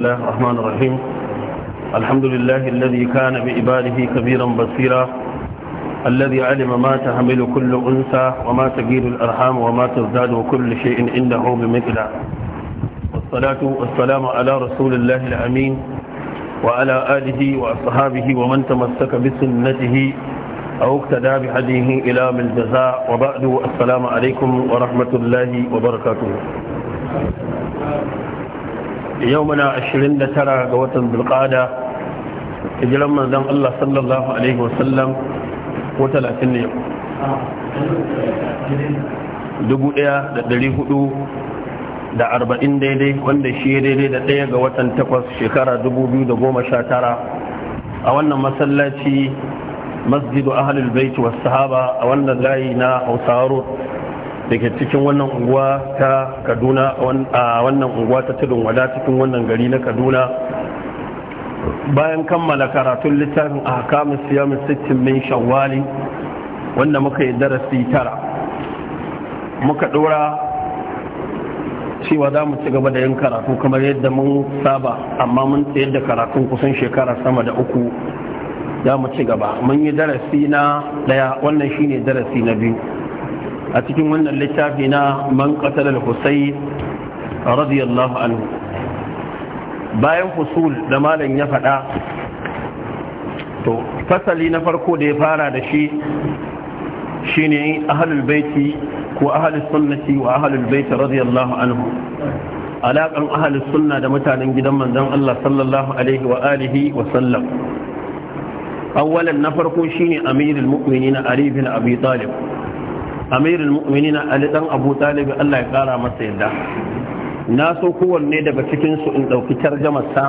الله الرحمن الرحيم الحمد لله الذي كان بإباده كبيرا بصيرا الذي علم ما تحمل كل أنثى وما تجيل الأرحام وما تزداد كل شيء عنده بمثله والصلاة والسلام على رسول الله الأمين وعلى آله وأصحابه ومن تمسك بسنته أو اقتدى بهديه إلى من جزاء وبعد السلام عليكم ورحمة الله وبركاته yau muna 29 ga watan zulqada jiran manzon Allah sallallahu alaihi wasallam ko 30 ne dubu ɗaya da ɗari hudu da arba'in daidai wanda shi daidai da ɗaya ga watan takwas shekara dubu biyu da goma sha tara a wannan masallaci masjidu ahalul baiti wasu sahaba a wannan layi na hausaro da ke cikin wannan unguwa ta kaduna a wannan unguwa ta tudun wada cikin wannan gari na kaduna bayan kammala karatun littafin a hakamun siyamun sittin min shawali wanda muka yi darasi tara muka dora cewa za mu ci gaba da yin karatu kamar yadda mun saba amma mun tsayar da karatun kusan shekara sama da uku za mu ci gaba mun yi darasi na daya wannan shine darasi na biyu a cikin wannan littafi na man ƙasar al-husayn radiyallahu anhu bayan husul da malam ya faɗa to fasali na farko da ya fara da shi shine ahlul baiti ko ahlus sunnati wa ahlul baiti radiyallahu anhu alaƙan ahalus sunna da mutanen gidan manzon Allah sallallahu alaihi wa alihi wa sallam awwalan na farko shine amirul mu'minin Ali bin Abi Talib al mu'minin ali dan abu talib Allah ya kara masa yadda na so kowanne daga cikin su in dauki tarjamar sa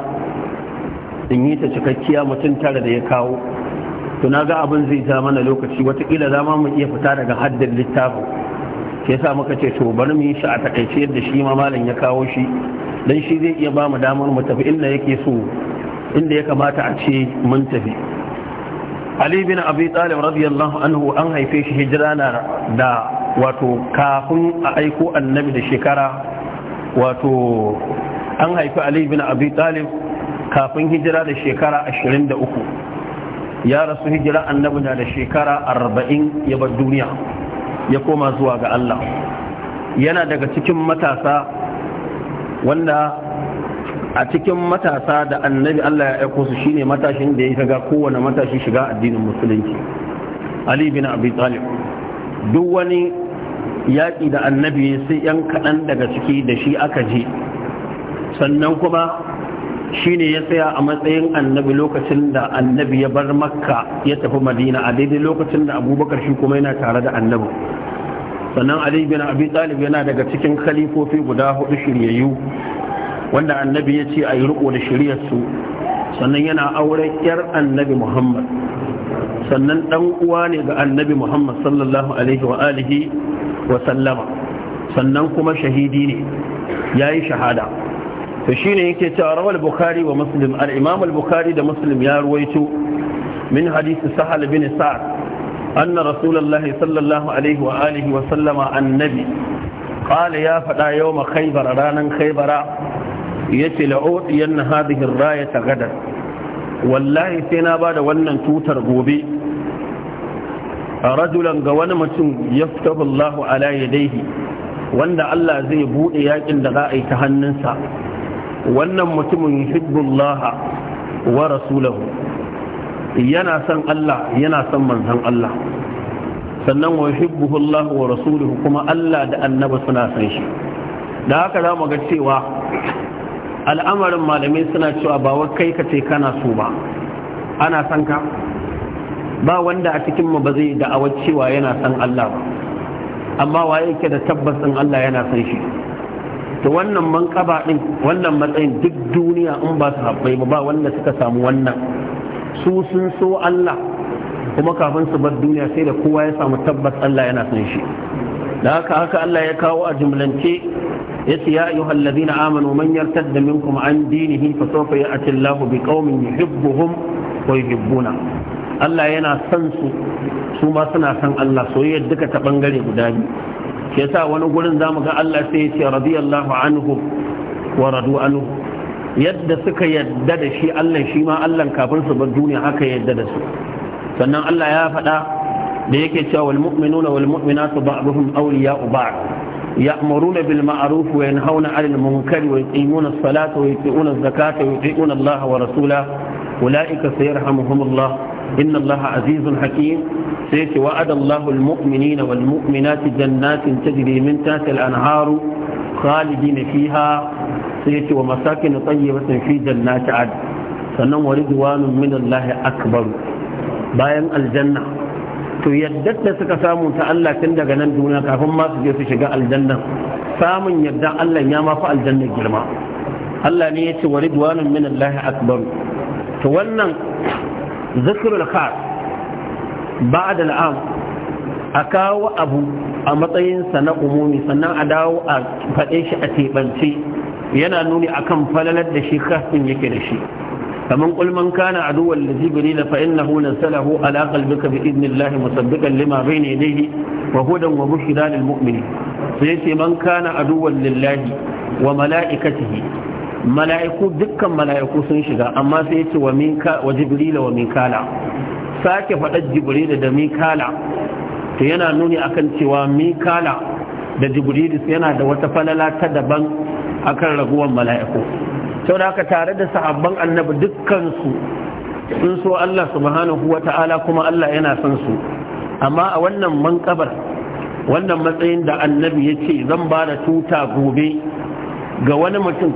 in yi ta cikakkiya mutum tare da ya kawo to na ga abin zai ja mana lokaci watakila za mu iya fita daga haddin littafin ke sa muka ce to bari mu yi shi a takaice yadda shi ma malam ya kawo shi dan shi zai iya ba mu damar mu tafi inda yake so inda ya kamata a ce mun tafi ali bin abi talib radiyallahu anhu an haife shi hijira na da wato kafin a aiko annabi da shekara wato an haifi ali bin abi talib kafin hijira da shekara 23 ya rasu hijira annabi na da shekara 40 ya bar duniya ya koma zuwa ga Allah yana daga cikin matasa wanda a cikin matasa da annabi Allah ya aiko su shine matashin da ya kaga kowane matashi shiga addinin musulunci Ali bin Abi Talib duk wani yaƙi da annabi sai yan kaɗan daga ciki da shi aka je sannan kuma shine ya tsaya a matsayin annabi lokacin da annabi ya bar makka ya tafi madina a daidai lokacin da abubakar shi kuma yana tare da annabi sannan ali bin abi talib yana daga cikin khalifofi guda hudu shiryayyu wanda annabi ya ce a yi riko da shiryarsu sannan yana aure yar annabi muhammad sannan dan uwa ne ga annabi muhammad sallallahu alaihi wa alihi wa sallama sannan kuma shahidi ne ya yi shahada to shi ne yake cewa rawar bukari wa muslim al'imam al-bukari da muslim ya ruwaito min hadisi sahal bin sa'ad أن رسول alaihi wa الله عليه وآله وسلم النبي قال يا فدا يوم خيبر رانا خيبر yace la udiyanna hadhihi ar-rayata gadan wallahi sai na bada wannan tutar gobe rajulan ga wani mutum yaftahu Allahu ala yadayhi wanda Allah zai bude yakin da za a yi ta hannunsa wannan mutumin yuhibbullaha wa rasulahu yana son Allah yana son manzon Allah sannan wa yuhibbuhu Allah wa rasuluhu kuma Allah da annabi suna son shi da haka za mu ga cewa al'amarin malamai suna cewa ba wai kai ka ce kana so ba ana san ka ba wanda a cikin mu ba zai da'awar cewa yana san Allah ba amma waye yake da tabbasin Allah yana san shi to wannan manƙaba din wannan matsayin duk duniya in ba su haɓai ba wanda suka samu wannan su sun so Allah kuma kafin su bar duniya sai da kowa ya samu tabbas Allah yana san shi da haka haka Allah ya kawo a jumlance yace ya ayyuhal ladina amanu man yartadda minkum an dinihi fa sawfa ya'ti Allahu biqaumin yuhibbuhum wa Allah yana son su su ma suna son Allah soyayya duka ta bangare guda biyu shi yasa wani gurin zamu ga Allah sai ya ce radiyallahu anhu wa radu anhu yadda suka yadda da shi Allah shi ma Allah kafin su bar duniya haka yadda da su sannan Allah ya faɗa da yake cewa wal ba a mu'minatu ba'dhum awliya'u ba'd يأمرون بالمعروف وينهون عن المنكر ويقيمون الصلاة ويطيعون الزكاة ويطيعون الله ورسوله أولئك سيرحمهم الله إن الله عزيز حكيم سيت وعد الله المؤمنين والمؤمنات جنات تجري من تحت الأنهار خالدين فيها سيت ومساكن طيبة في جنات عدن sannan wa ridwanun min Allah akbar bayan aljanna to yadda da suka samu ta Allah tun daga nan duniya kafin ma su je su shiga aljanna samun yadda Allah ya mafi aljanna girma Allah ne ya ce wa ridwanun min Allah akbar to wannan zikrul khas da al'am a kawo abu a matsayin sa na umumi sannan a dawo a faɗe shi a teɓance yana nuni akan falalar da shi kafin yake da shi kaman qul kana aduwwan li jibril fa innahu nasalahu ala qalbika bi idnillahi musaddiqan lima bayna yadayhi wa hudan wa bushra ce man kana aduwwan lillahi wa mala'ikatihi mala'iku dukkan mala'iku sun shiga amma sai ce wa minka wa jibril wa sake faɗar jibril da minkala to yana nuni akan cewa mikala da jibril yana da wata falala ta daban akan raguwar mala'iku sau da haka tare da sahabban annabi dukkansu sun so Allah subhanahu wa ta'ala kuma Allah yana son su amma a wannan mankabar wannan matsayin da annabi ya ce zan ba da tuta gobe ga wani mutum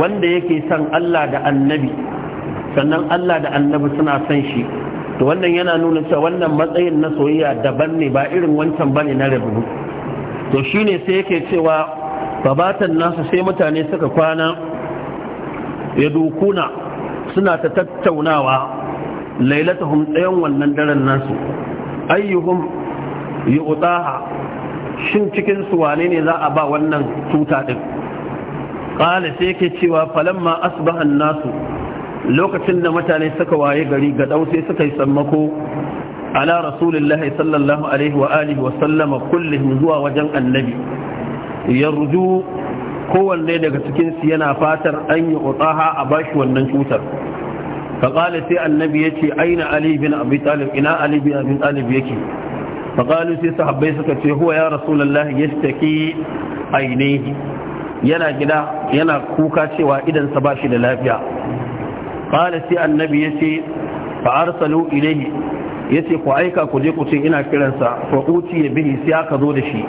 wanda yake son Allah da annabi sannan Allah da annabi suna son shi to wannan yana nuna cewa wannan matsayin na soyayya daban ne ba irin wancan bane na rabu to shine sai yake cewa babatan nasu sai mutane suka kwana Ya yadukuna suna ta tattaunawa lailatahum tsayon wannan daren nasu ayyuhum yu'taha shin cikinsu su wane ne za a ba wannan tuta ɗin qala sai ke cewa falamma asibahan nasu lokacin da mutane suka waye gari ga ɗau sai suka yi sammako ala rasulillahi sallallahu alaihi wa alihi wa sallama zuwa wajen annabi yarju kowanne daga cikinsu yana fatar an yi utsaha a bashi wannan cutar فقال سي النبي يتي أين علي بن أبي طالب إنا علي بن أبي طالب يكي فقالوا سي صحبي سكتي هو يا رسول الله يشتكي عينيه yana gida yana kuka cewa idan ba shi da lafiya qala sai annabi ya ce ka fa arsalu ya ce ku aika ku je ku ce ina kiransa fa uti bihi sai aka zo da shi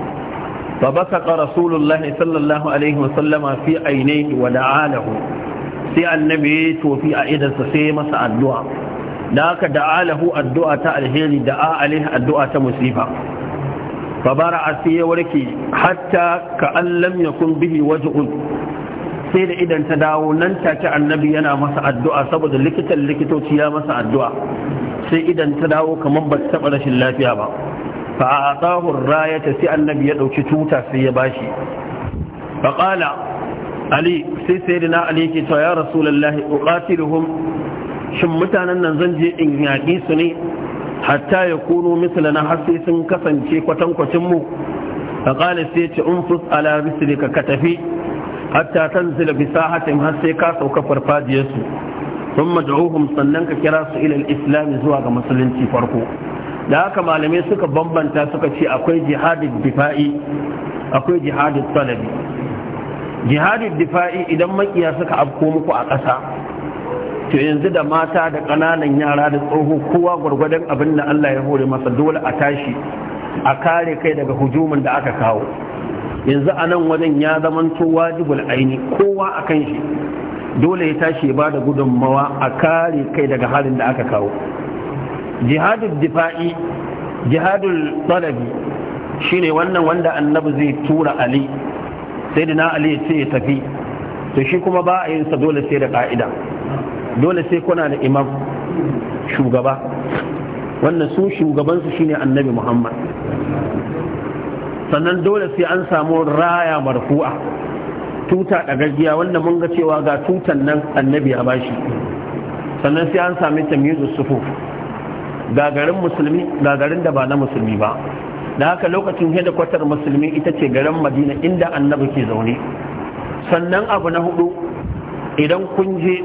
فبصق رسول الله صلى الله عليه وسلم في عينيه ودعا له سي النبي توفي ايدا سي مسا الدعاء ذاك دعا له الدعاء تاع الهيري دعا عليه الدعاء تاع مصيبه فبرع سي وركي حتى كان لم يكن به وجه sai da idan ta dawo nan take annabi yana masa addu'a saboda likitan likitoci ya masa addu'a sai idan ta dawo kamar ba ta taɓa rashin lafiya ba fa a tsahun rayata sai annabi ya ɗauki tuta sai ya bashi faƙala ali sai sai na ali ke cewa ya rasulallahi uqatiluhum shin mutanen nan zan je in yaƙi su ne hatta ya kuno misalana har sai sun kasance kwatankwacin mu faƙala sai ce unfus ala rislika ka tafi hatta tanzila bisa sahatin har sai ka sauka farfajiyarsu sun majauhum sannan ka kira su ilal islami zuwa ga musulunci farko da haka malamai suka bambanta suka ce akwai jihadin difa'i akwai jihadin salabi jihadin difa'i idan makiya suka afko muku a ƙasa to yanzu da mata da ƙananan yara da tsoho kowa gwargwadon abin da Allah ya hore masa dole a tashi a kare kai daga hujumin da aka kawo yanzu a nan wajen ya zamanto wajibul aini kowa a kan shi dole ya tashi ya ba da gudunmawa a kare kai daga halin da aka kawo jihadul difa'i jihadul talabi shine wannan wanda annabi zai tura ali sai da na ali ya ce ya tafi to shi kuma ba a yin sa dole sai da ka'ida dole sai kuna da imam shugaba wannan su shugabansu shine annabi muhammad sannan dole sai an samu raya marfu'a tuta ɗagaggiya wanda mun ga cewa ga tutan nan annabi ya bashi sannan sai an sami tamyizu sufuf gagarin musulmi gagarin da ba na musulmi ba da haka lokacin kwatar musulmi ita ce garin madina inda annabi ke zaune sannan abu na hudu idan kun je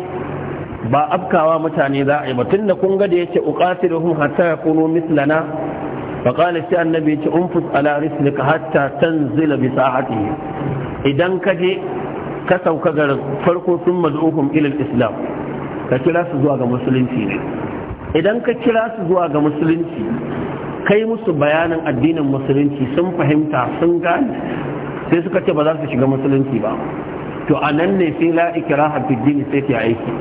ba afkawa mutane za a yi batun da kun ga da yake uqatiluhum hatta yakunu mislana fa qala shi annabi yace unfus ala rislika hatta tanzila bi sa'atihi idan ka je ka sauka garin farko sun mazuhum ila islam ka kira su zuwa ga musulunci ne idan ka kira su zuwa ga musulunci kai musu bayanin addinin musulunci sun fahimta sun gane sai suka ce ba za su shiga musulunci ba to a nan ne sai la ikraha fi sai ke aiki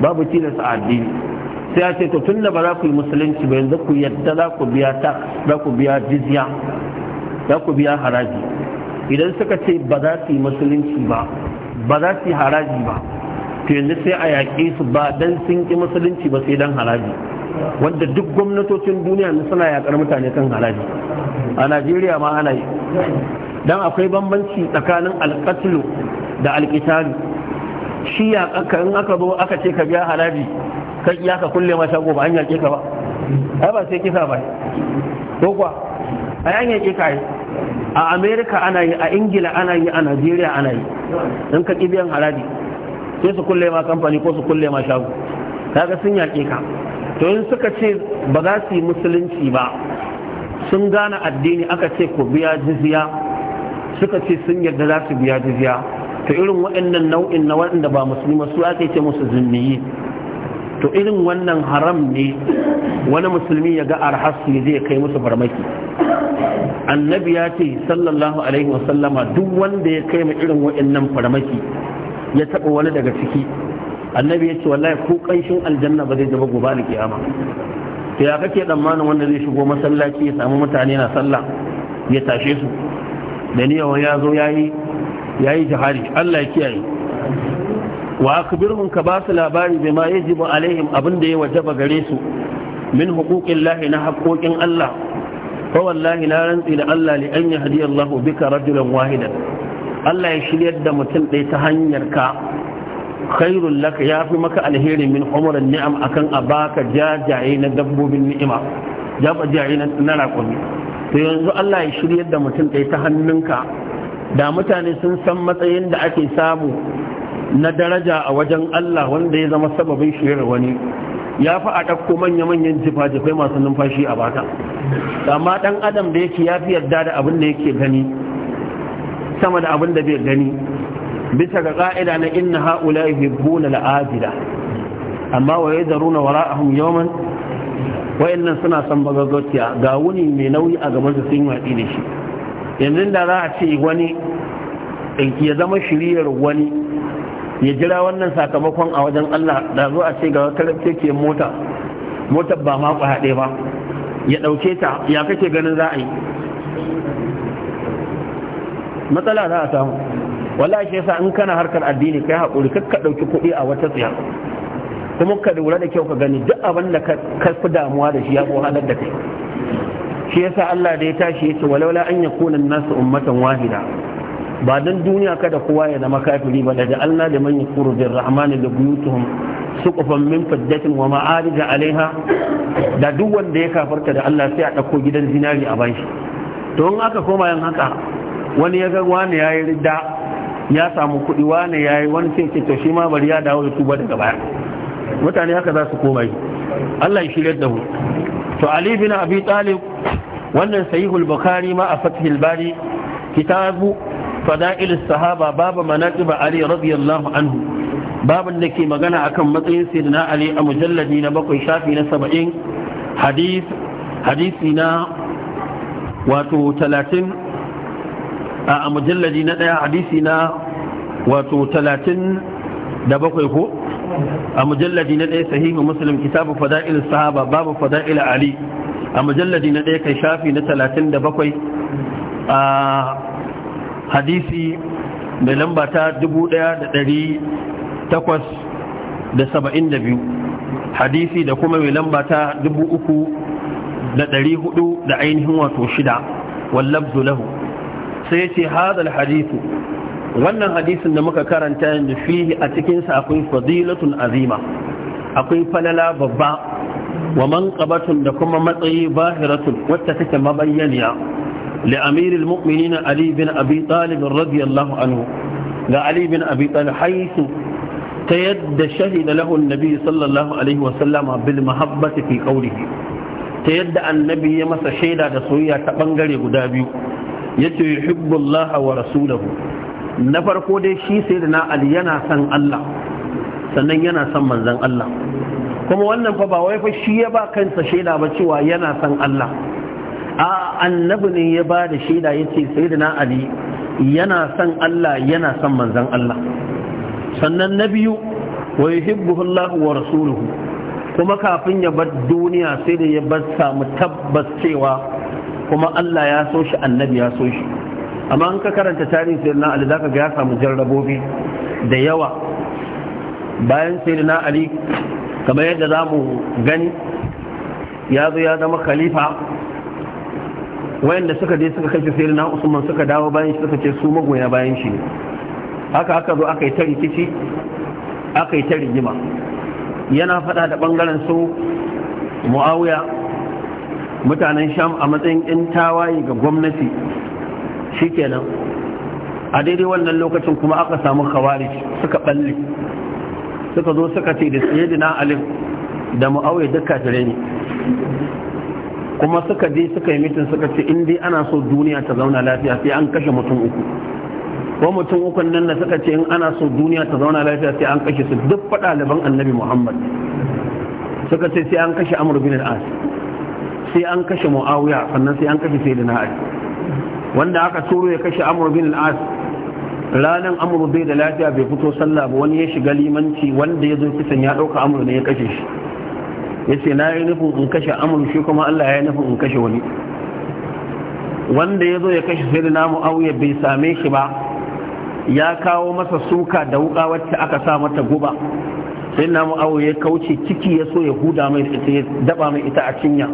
babu tilasta a addini sai a ce to tun da ba za ku yi musulunci ba yanzu ku yadda za ku biya ta za ku biya jizya za ku biya haraji idan suka ce ba za su yi musulunci ba ba za su yi haraji ba to yanzu sai a yaƙe su ba dan sun ƙi musulunci ba sai dan haraji wanda duk gwamnatocin duniya suna yaƙar mutane kan haraji a najeriya ma ana yi dan akwai bambanci tsakanin alƙatulu da alƙitari shi ya in aka zo aka ce ka biya haraji kan iya ka kulle ma shago ba an yaƙe ka ba ai ba sai kisa ba ko kuwa ai an yaƙe ka yi a amerika ana yi a ingila ana yi a najeriya ana yi in ka ƙi biyan haraji sai su kulle ma kamfani ko su kulle ma shago kaga sun yaƙe ka to in suka ce ba za su yi musulunci ba sun gane addini aka ce ku biya jizya suka ce sun yarda za su biya jizya to irin waɗannan nau'in na waɗanda ba musulma su ake ce musu zunniyi to irin wannan haram ne wani musulmi ya ga arhasu zai kai musu farmaki annabi ya ce sallallahu alaihi wasallama duk wanda ya kai mu irin waɗannan farmaki ya taɓa wani daga ciki annabi ya ce wallahi ko ƙanshin aljanna ba zai zama gobe da kiyama to ya kake tsammanin wanda zai shigo masallaci ya samu mutane na sallah ya tashe su da ni ya zo yayi yayi jihari Allah ya kiyaye wa akbirhum ka ba su labari bima yajibu alaihim abin da ya wajaba gare su min lahi na haƙoƙin Allah fa wallahi na rantsi da Allah li an yahdi Allah bika rajulan wahidan Allah ya shiryar da mutum ɗaya ta hanyar ka khairul laka ya fi maka alheri min umurin ni'am akan a baka jajaye na dabbobin ni'ima jajaye na raƙumi to yanzu Allah ya shiryar da mutum ɗaya ta hannunka da mutane sun san matsayin da ake samu na daraja a wajen Allah wanda ya zama sababin shiryar wani ya fi a ɗauko manya-manyan jifa-jifai masu numfashi a baka amma ɗan adam da yake ya fi yarda da abin da yake gani sama da abin da bai gani bisa ga ka'ida na inna ha'ula yuhibbuna al'ajila amma waye zaruna wara'ahum yawman inna suna san bagaggaciya ga wuni mai nauyi a gaban su sun wadi da shi yanzu da za a ce wani ya zama shiriyar wani ya jira wannan sakamakon a wajen Allah da zo a ce ga karfe ke mota motar ba ma haɗe ba ya ɗauke ta ya kake ganin za a yi matsala za a samu Wala shi yasa in kana harkar addini kai haƙuri kar ka ɗauki kuɗi a wata tsiya kuma ka lura da kyau ka gani duk abin da ka fi damuwa da shi ya halar da kai shi yasa Allah da ya tashi ya ce walaula an yakuna nasu ummatan wahida ba dan duniya kada kowa ya zama kafiri ba da Allah da man yakuru bir rahman da buyutuhum suqufan min fajjatin wa ma'arij alaiha da duk wanda ya kafarta da Allah sai a dauko gidan zinari a bashi to in aka koma yan haka wani ya ga wani ya yi ridda ya samu kuɗi wani ya yi wani sai to shi ma bari ya dawo da tuba daga baya mutane haka za su koma yi Allah ya shirya da mu to Ali bin Abi Talib wannan sahihul bukhari ma a fathil bari kitabu fada'il sahaba babu manaqib Ali radiyallahu anhu babin da ke magana akan matsayin sayyidina Ali a mujalladi na bakwai shafi na 70 hadith hadisi na wato talatin. a mujalladi na ɗaya hadisi na wato talatin da bakwai ko a mujalladi na ɗaya sahihu muslim kitabu fada'il sahaba babu fada'il ali a mujalladi na ɗaya kai shafi na talatin da bakwai a hadisi mai lamba ta dubu ɗaya da ɗari takwas da saba'in da biyu hadisi da kuma mai lamba ta dubu uku da ɗari hudu da ainihin wato shida wallabzu lahu sai ya ce hadal hadithu wannan hadisin da muka karanta yanzu fihi a cikinsa akwai fadilatun azima akwai falala babba wa manqabatun da kuma matsayi bahiratun wacce take mabayyaniya li amiril mu'minin ali bin abi talib radiyallahu anhu ga ali bin abi talib haisu ta yadda shahida lahu annabi sallallahu alaihi wa sallama bil mahabbati fi qawlihi ta yadda annabi ya masa shaida da soyayya ta bangare guda biyu yace yuhibbu Allah wa rasulahu na farko dai shi sayyidina Ali yana san Allah sannan yana san manzon Allah kuma wannan fa ba wai fa shi ya ba kansa shaida ba cewa yana san Allah a annabi ne ya ba da shaida yace sayyidina Ali yana san Allah yana san manzon Allah sannan na biyu wa yuhibbuhu Allah wa rasuluhu kuma kafin ya bar duniya sai da ya bar samu tabbas cewa kuma Allah ya so shi annabi ya so shi amma an ka karanta tarihin sayyidina Ali zaka ga ya samu jarrabobi da yawa bayan sayyidina Ali kamar yadda zamu gani ya zo ya zama khalifa wayanda suka je suka kashe sayyidina Usman suka dawo bayan shi suka ce su magoya bayan shi haka aka zo aka yi ta rikici aka yi ta rigima yana fada da bangaren su Muawiya mutanen sham a matsayin ɗin tawaye ga gwamnati shi kenan a daidai wannan lokacin kuma aka samu kawari suka balle suka zo suka ce da da alif da mu'awai duka kafirai ne kuma suka je suka yi mitin suka ce in dai ana so duniya ta zauna lafiya sai an kashe mutum uku ko mutum uku nan da suka ce in ana so duniya ta zauna lafiya sai an kashe su duk faɗa laban annabi muhammad suka ce sai an kashe amur bin al'as sai an kashe muawiya sannan sai an kashe da ali wanda aka turo ya kashe amur bin al ranar amur bai da lafiya bai fito sallah ba wani ya shiga limanci wanda ya zo kisan ya dauka amur ne ya kashe shi Ya ce na yi nufin in kashe amur shi kuma Allah ya yi nufin in kashe wani wanda ya zo ya kashe na muawiya bai same shi ba ya kawo masa suka da wuka wacce aka sa mata guba sai na mu'awiya ya kauce ciki ya so ya huda mai ita ya daba mai ita a cinya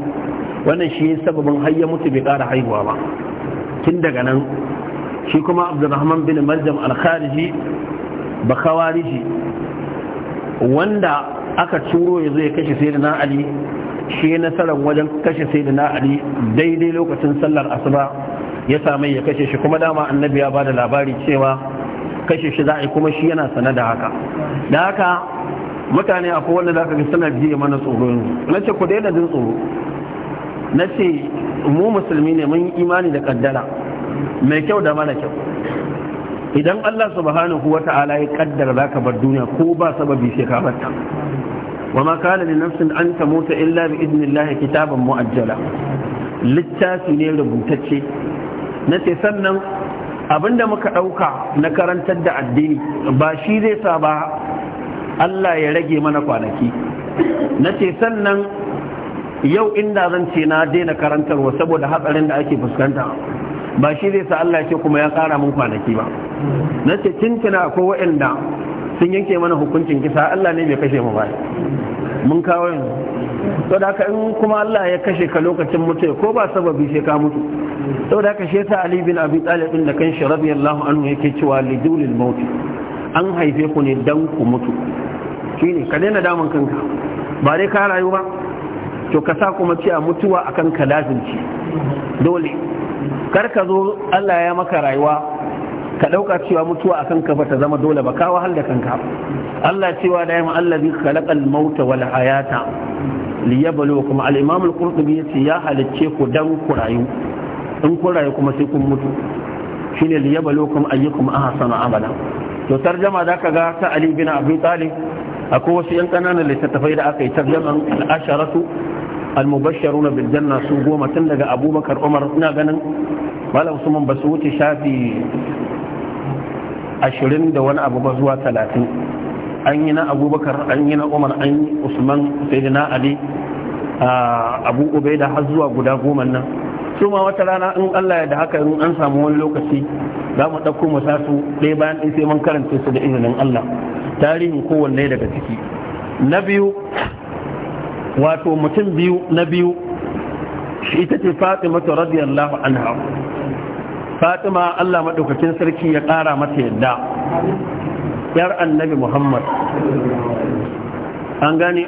wannan shi sababin har mutu bai ƙara haihuwa ba tun daga nan shi kuma abdurrahman bin marjam alkhariji kawariji wanda aka turo ya zai kashe sai da ali shi nasarar wajen kashe sai da ali daidai lokacin sallar asuba ya sami ya kashe shi kuma dama annabi ya ba da labari cewa kashe shi za a yi kuma shi yana sana da haka da haka mutane akwai wanda za ka ga suna biye mana tsoro yanzu na ce ku daina jin tsoro na ce mu musulmi ne mun imani da kaddara mai kyau da mana kyau idan Allah subhanahu wa ta'ala ya kaddara za ka bar duniya ko ba sababi sai ka bar ta wa ma kana li nafsin an tamuta illa bi idnillahi kitaban muajjala littafi ne rubutacce nace sannan abinda muka dauka na karantar da addini ba shi zai sa ba Allah ya rage mana kwanaki nace sannan yau inda zan ce na daina karantarwa saboda hatsarin da ake fuskanta ba shi zai sa Allah ce kuma ya kara mun kwanaki ba na ce tuntuna akwai waɗanda sun yanke mana hukuncin kisa Allah ne bai kashe mu ba mun kawo yanzu to da haka in kuma Allah ya kashe ka lokacin mutu ko ba sababi sai ka mutu to da haka shi ta Ali bin Abi Talib da kan shi radiyallahu anhu yake cewa dulil maut an haife ku ne dan ku mutu shine ka daina damun kanka ba dai ka rayu ba to ka sa kuma cewa mutuwa akan ka lazimci dole kar ka zo Allah ya maka rayuwa ka ɗauka cewa mutuwa akan ka ta zama dole ba ka hal da kanka Allah cewa da yamma zai khalaqal mauta wal hayata kuma al imam al qurtubi yace ya halicce ku dan ku rayu in ku rayu kuma sai kun mutu shine kuma ayyukum ahsanu amala to tarjama zaka ga ta Ali bin Abi Talib akwai wasu yan kananan littattafai da aka yi tarjaman al-asharatu almubasharuna bil janna su goma tun daga abubakar umar ina ganin malam usman ba su wuce shafi ashirin da wani abu ba zuwa talatin an yi na abubakar an yi na umar an yi usman sai na ali abu ubaida har zuwa guda goma nan su ma wata rana in allah ya da haka in an samu wani lokaci za mu ɗauko mu sa su ɗaya bayan ɗin sai mun karanta su da izinin allah tarihin kowanne daga ciki na biyu wato mutum biyu na biyu shi ita ce fatima ta radiyallahu anha fatima allah maɗaukakin sarki ya ƙara mata yadda yar annabi muhammad an gane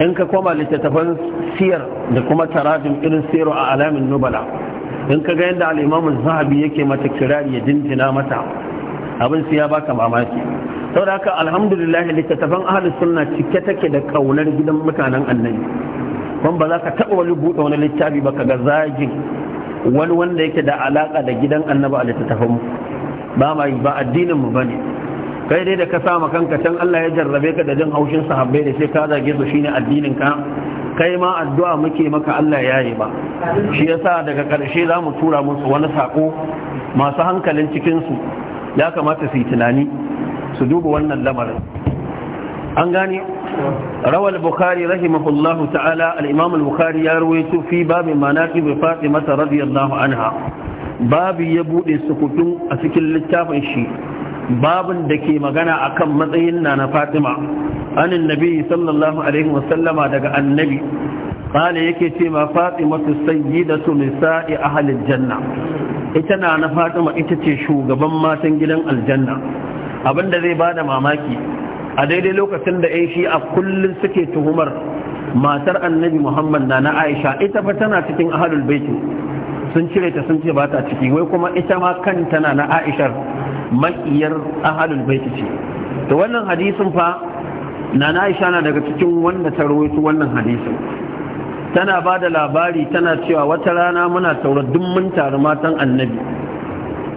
in ka koma littattafan siyar da kuma tarajin irin siyar a alamin nubala in ka ga yadda al'imamun zahabi yake mata kirari ya jinjina mata abin siya baka mamaki saboda haka alhamdulillah littattafan ahlus sunna cike take da kaunar gidan mutanen annabi kuma ba za ka taɓa wani buɗe wani littafi ba ka ga zagin wani wanda yake da alaƙa da gidan annabi a littattafan mu ba ma ba addinin mu bane kai dai da ka sa kanka can Allah ya jarrabe ka da jin haushin sahabbai da sai ka zage su shine addinin ka kai ma addu'a muke maka Allah ya yi ba shi yasa daga karshe za mu tura musu wani sako masu hankalin cikinsu ya kamata su yi tunani su duba wannan lamarin an gani rawal bukhari rahimahullahu ta'ala al-imam bukhari ya rawaito fi babin manaqib fatima radiyallahu anha Babu ya bude sukutun a cikin littafin shi babin da ke magana akan matsayin na fatima anin nabi sallallahu alaihi wasallama daga annabi kala yake ce ma fatima tu sayyidatu nisa'i ahli janna ita na na fatima ita ce shugaban matan gidan aljanna abinda zai bada mamaki a daidai lokacin da ya shi a kullum suke tuhumar matar annabi muhammad na na aisha ita fa tana cikin ahalul baiti sun cire ta sun ce ba ta ciki wai kuma ita ma kan tana na aishar makiyar ahalul baiti ce to wannan hadisin fa na na aisha na daga cikin wanda ta rawaito wannan hadisin tana ba da labari tana cewa wata rana muna taura duk mun taru matan annabi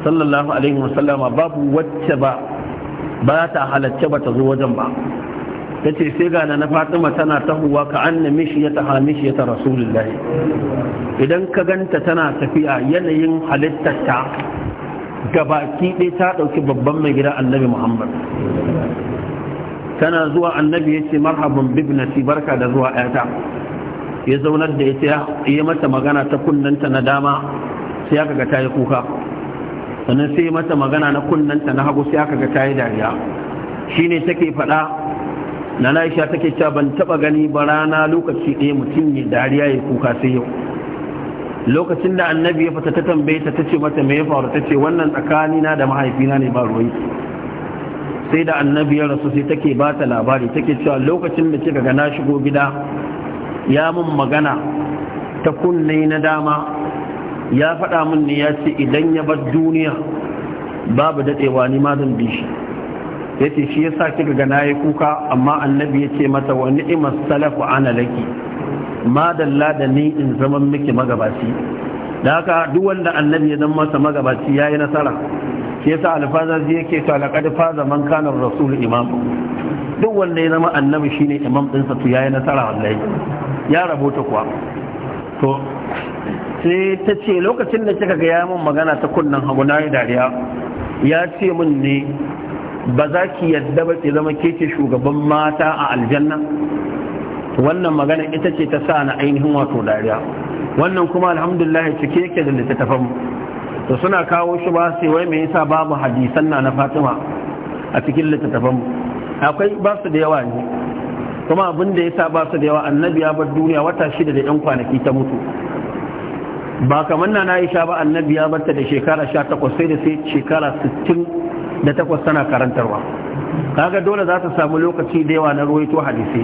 sallallahu alaihi wasallama babu wacce ba ba ta halacce ba ta zo wajen ba ta ce sai gana na fatima tana tahuwa ka an na hamishi ya ta rasulullahi idan ka ganta tana tafiya yanayin halittarta gabaki ɗaya ta ɗauki babban mai gida annabi muhammad tana zuwa annabi ya ce marhaban bibnati barka da zuwa ‘yata ya zaunar da ita ya mata magana ta kunnanta na dama sai ya kaga ta yi kuka sannan sai mata magana na kunnanta na hagu sai aka ga ta yi dariya ne take faɗa na Aisha take cewa ban taba gani ba rana lokaci ɗaya mutum ne dariya ya kuka sai yau lokacin da annabi ya fata ta tambaye ta tace mata me ya faru tace wannan tsakani na da mahaifina ne ba ruwan sai da annabi ya rasu sai take ba ta labari take cewa lokacin da kika ga na shigo gida ya mun magana ta kunne na dama ya faɗa min ne ya ce idan ya bar duniya babu daɗewa ni ma zan bi shi ya ce shi ya sa kika ga yi kuka amma annabi ya ce mata wa ni'imar salafu ana laki ma dalla da ni in zama miki magabaci da haka duk wanda annabi ya zama masa magabaci ya yi nasara shi yasa alfaza zai yake to laqad faza man kana rasul imam duk wanda ya zama annabi shine imam din sa ya yi nasara wallahi ya rabota kuwa to sai ta ce lokacin da kika ga ya min magana ta kunnan hagu na dariya ya ce min ne ba za ki yadda ba ki zama ke ce shugaban mata a aljanna wannan magana ita ce ta sa na ainihin wato dariya wannan kuma alhamdulillah cike yake da littattafan to suna kawo shi ba sai wai me yasa babu hadisan na na Fatima a cikin littattafan akwai ba su da yawa ne kuma abin da yasa ba su da yawa annabi ya bar duniya wata shida da yan kwanaki ta mutu ba kamar na Aisha ba annabi ya barta da shekara 18 sai da sai shekara 60 da takwas tana karantarwa kaga dole za ta samu lokaci da yawa na ruwaito hadisi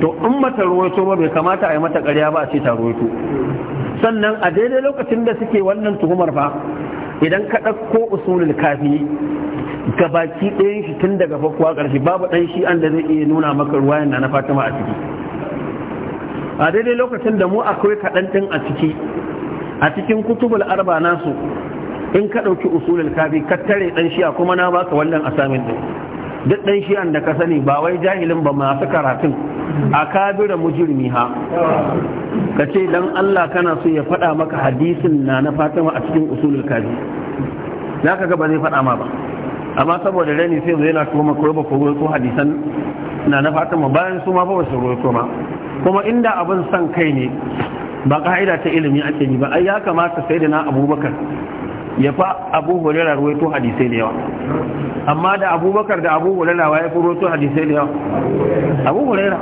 to in mata ruwaito ba bai kamata a yi mata ƙarya ba a ce ta ruwaito sannan a daidai lokacin da suke wannan tuhumar fa idan ka ɗauko usulul kafi ga baki ɗayan shi tun daga farko ƙarshe babu ɗan shi an da zai iya nuna maka ruwayan na na fatima a ciki a daidai lokacin da mu akwai kaɗan ɗin a ciki a cikin kutubul arba nasu in ka ɗauki usulul kafi ka tare ɗan shi'a kuma na baka wannan asamin ɗin duk ɗan shi'an da ka sani ba wai jahilin ba masu karatun a kabira mujirmi ha ka ce dan Allah kana so ya faɗa maka hadisin na na fatima a cikin usulul kafi za ka ga ba zai faɗa ma ba amma saboda rani sai zai na kuma ko ba ko ko hadisan na na fatima bayan su ma ba su ruwa kuma inda abin san kai ne ba ka'ida ta ilimi ake yi ba ai ya kamata sai da na abubakar ya fa abu hulera to hadisai da yawa amma da abubakar da abu hulera wa ya fi to hadisai da yawa abu hulera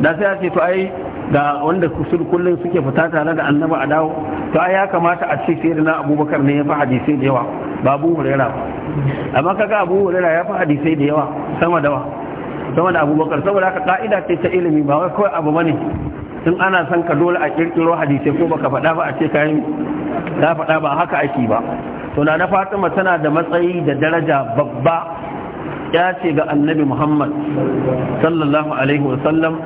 da sai ake ce to ai da wanda kusur kullum suke fita tare da annaba a dawo to ai ya kamata a ce sai da na abubakar ne ya fi hadisai da yawa ba abu hulera ba amma kaga abu hulera ya fi hadisai da yawa sama da wa sama da abubakar saboda haka ka'ida ce ta ilimi ba wai kawai abu bane tun ana son ka dole a kirkiro hadisai ko baka faɗa ba a ce kayan da faɗa ba haka ake ba to na na fatima tana da matsayi da daraja babba ya ce ga annabi muhammad sallallahu alaihi wasallam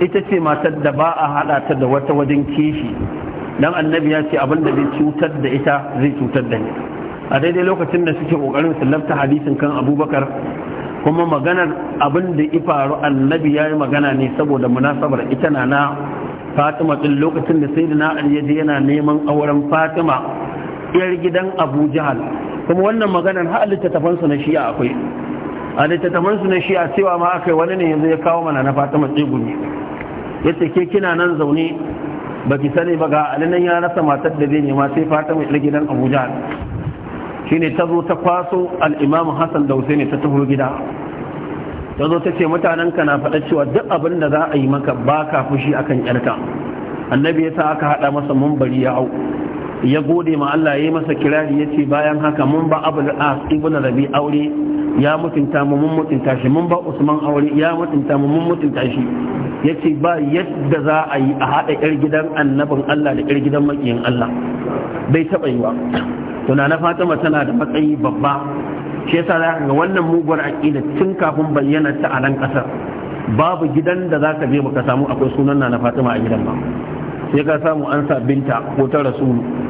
ita ce matar da ba a haɗa ta da wata wajen kishi dan annabi ya ce abin da zai cutar da ita zai cutar da ni a daidai lokacin da suke kokarin su lafta hadisin kan abubakar kuma maganar abin da ya faru annabi ya yi magana ne saboda munasabar ita na na fatima ɗin lokacin da sai na aliyaji yana neman auren fatima yar gidan abu jihal kuma wannan maganar har littattafansu na shi'a akwai a littattafansu na shi'a cewa ma aka wani ne yanzu ya kawo mana na fatima tsegumi ya ke kina nan zaune baki sani ba ga alinan ya rasa matar da zai nema sai fatima yar gidan abu jihal shine ta zo ta kwaso Al'imamin Hassan da hussein ta taho gida ta zo ta ce mutanen ka na faɗa cewa duk abin da za a yi maka ba ka fushi akan yarka annabi ya sa aka haɗa masa mambari ya au. ya gode ma Allah ya yi masa kirari ya ce bayan haka mun ba abul ibn rabi aure ya mutunta mu mun mutunta shi mun ba usman aure ya mutunta mu mun mutunta shi ya ce ba yadda za a yi a haɗa yar gidan annabin Allah da yar gidan makiyin Allah bai taɓa yi ba tuna na fatima tana da matsayi babba shi yasa za ga wannan muguwar aƙida tun kafin bayyana ta a nan ƙasar babu gidan da za ka je baka samu akwai sunan na fatima a gidan ba sai ka samu ansa binta ko ta rasulu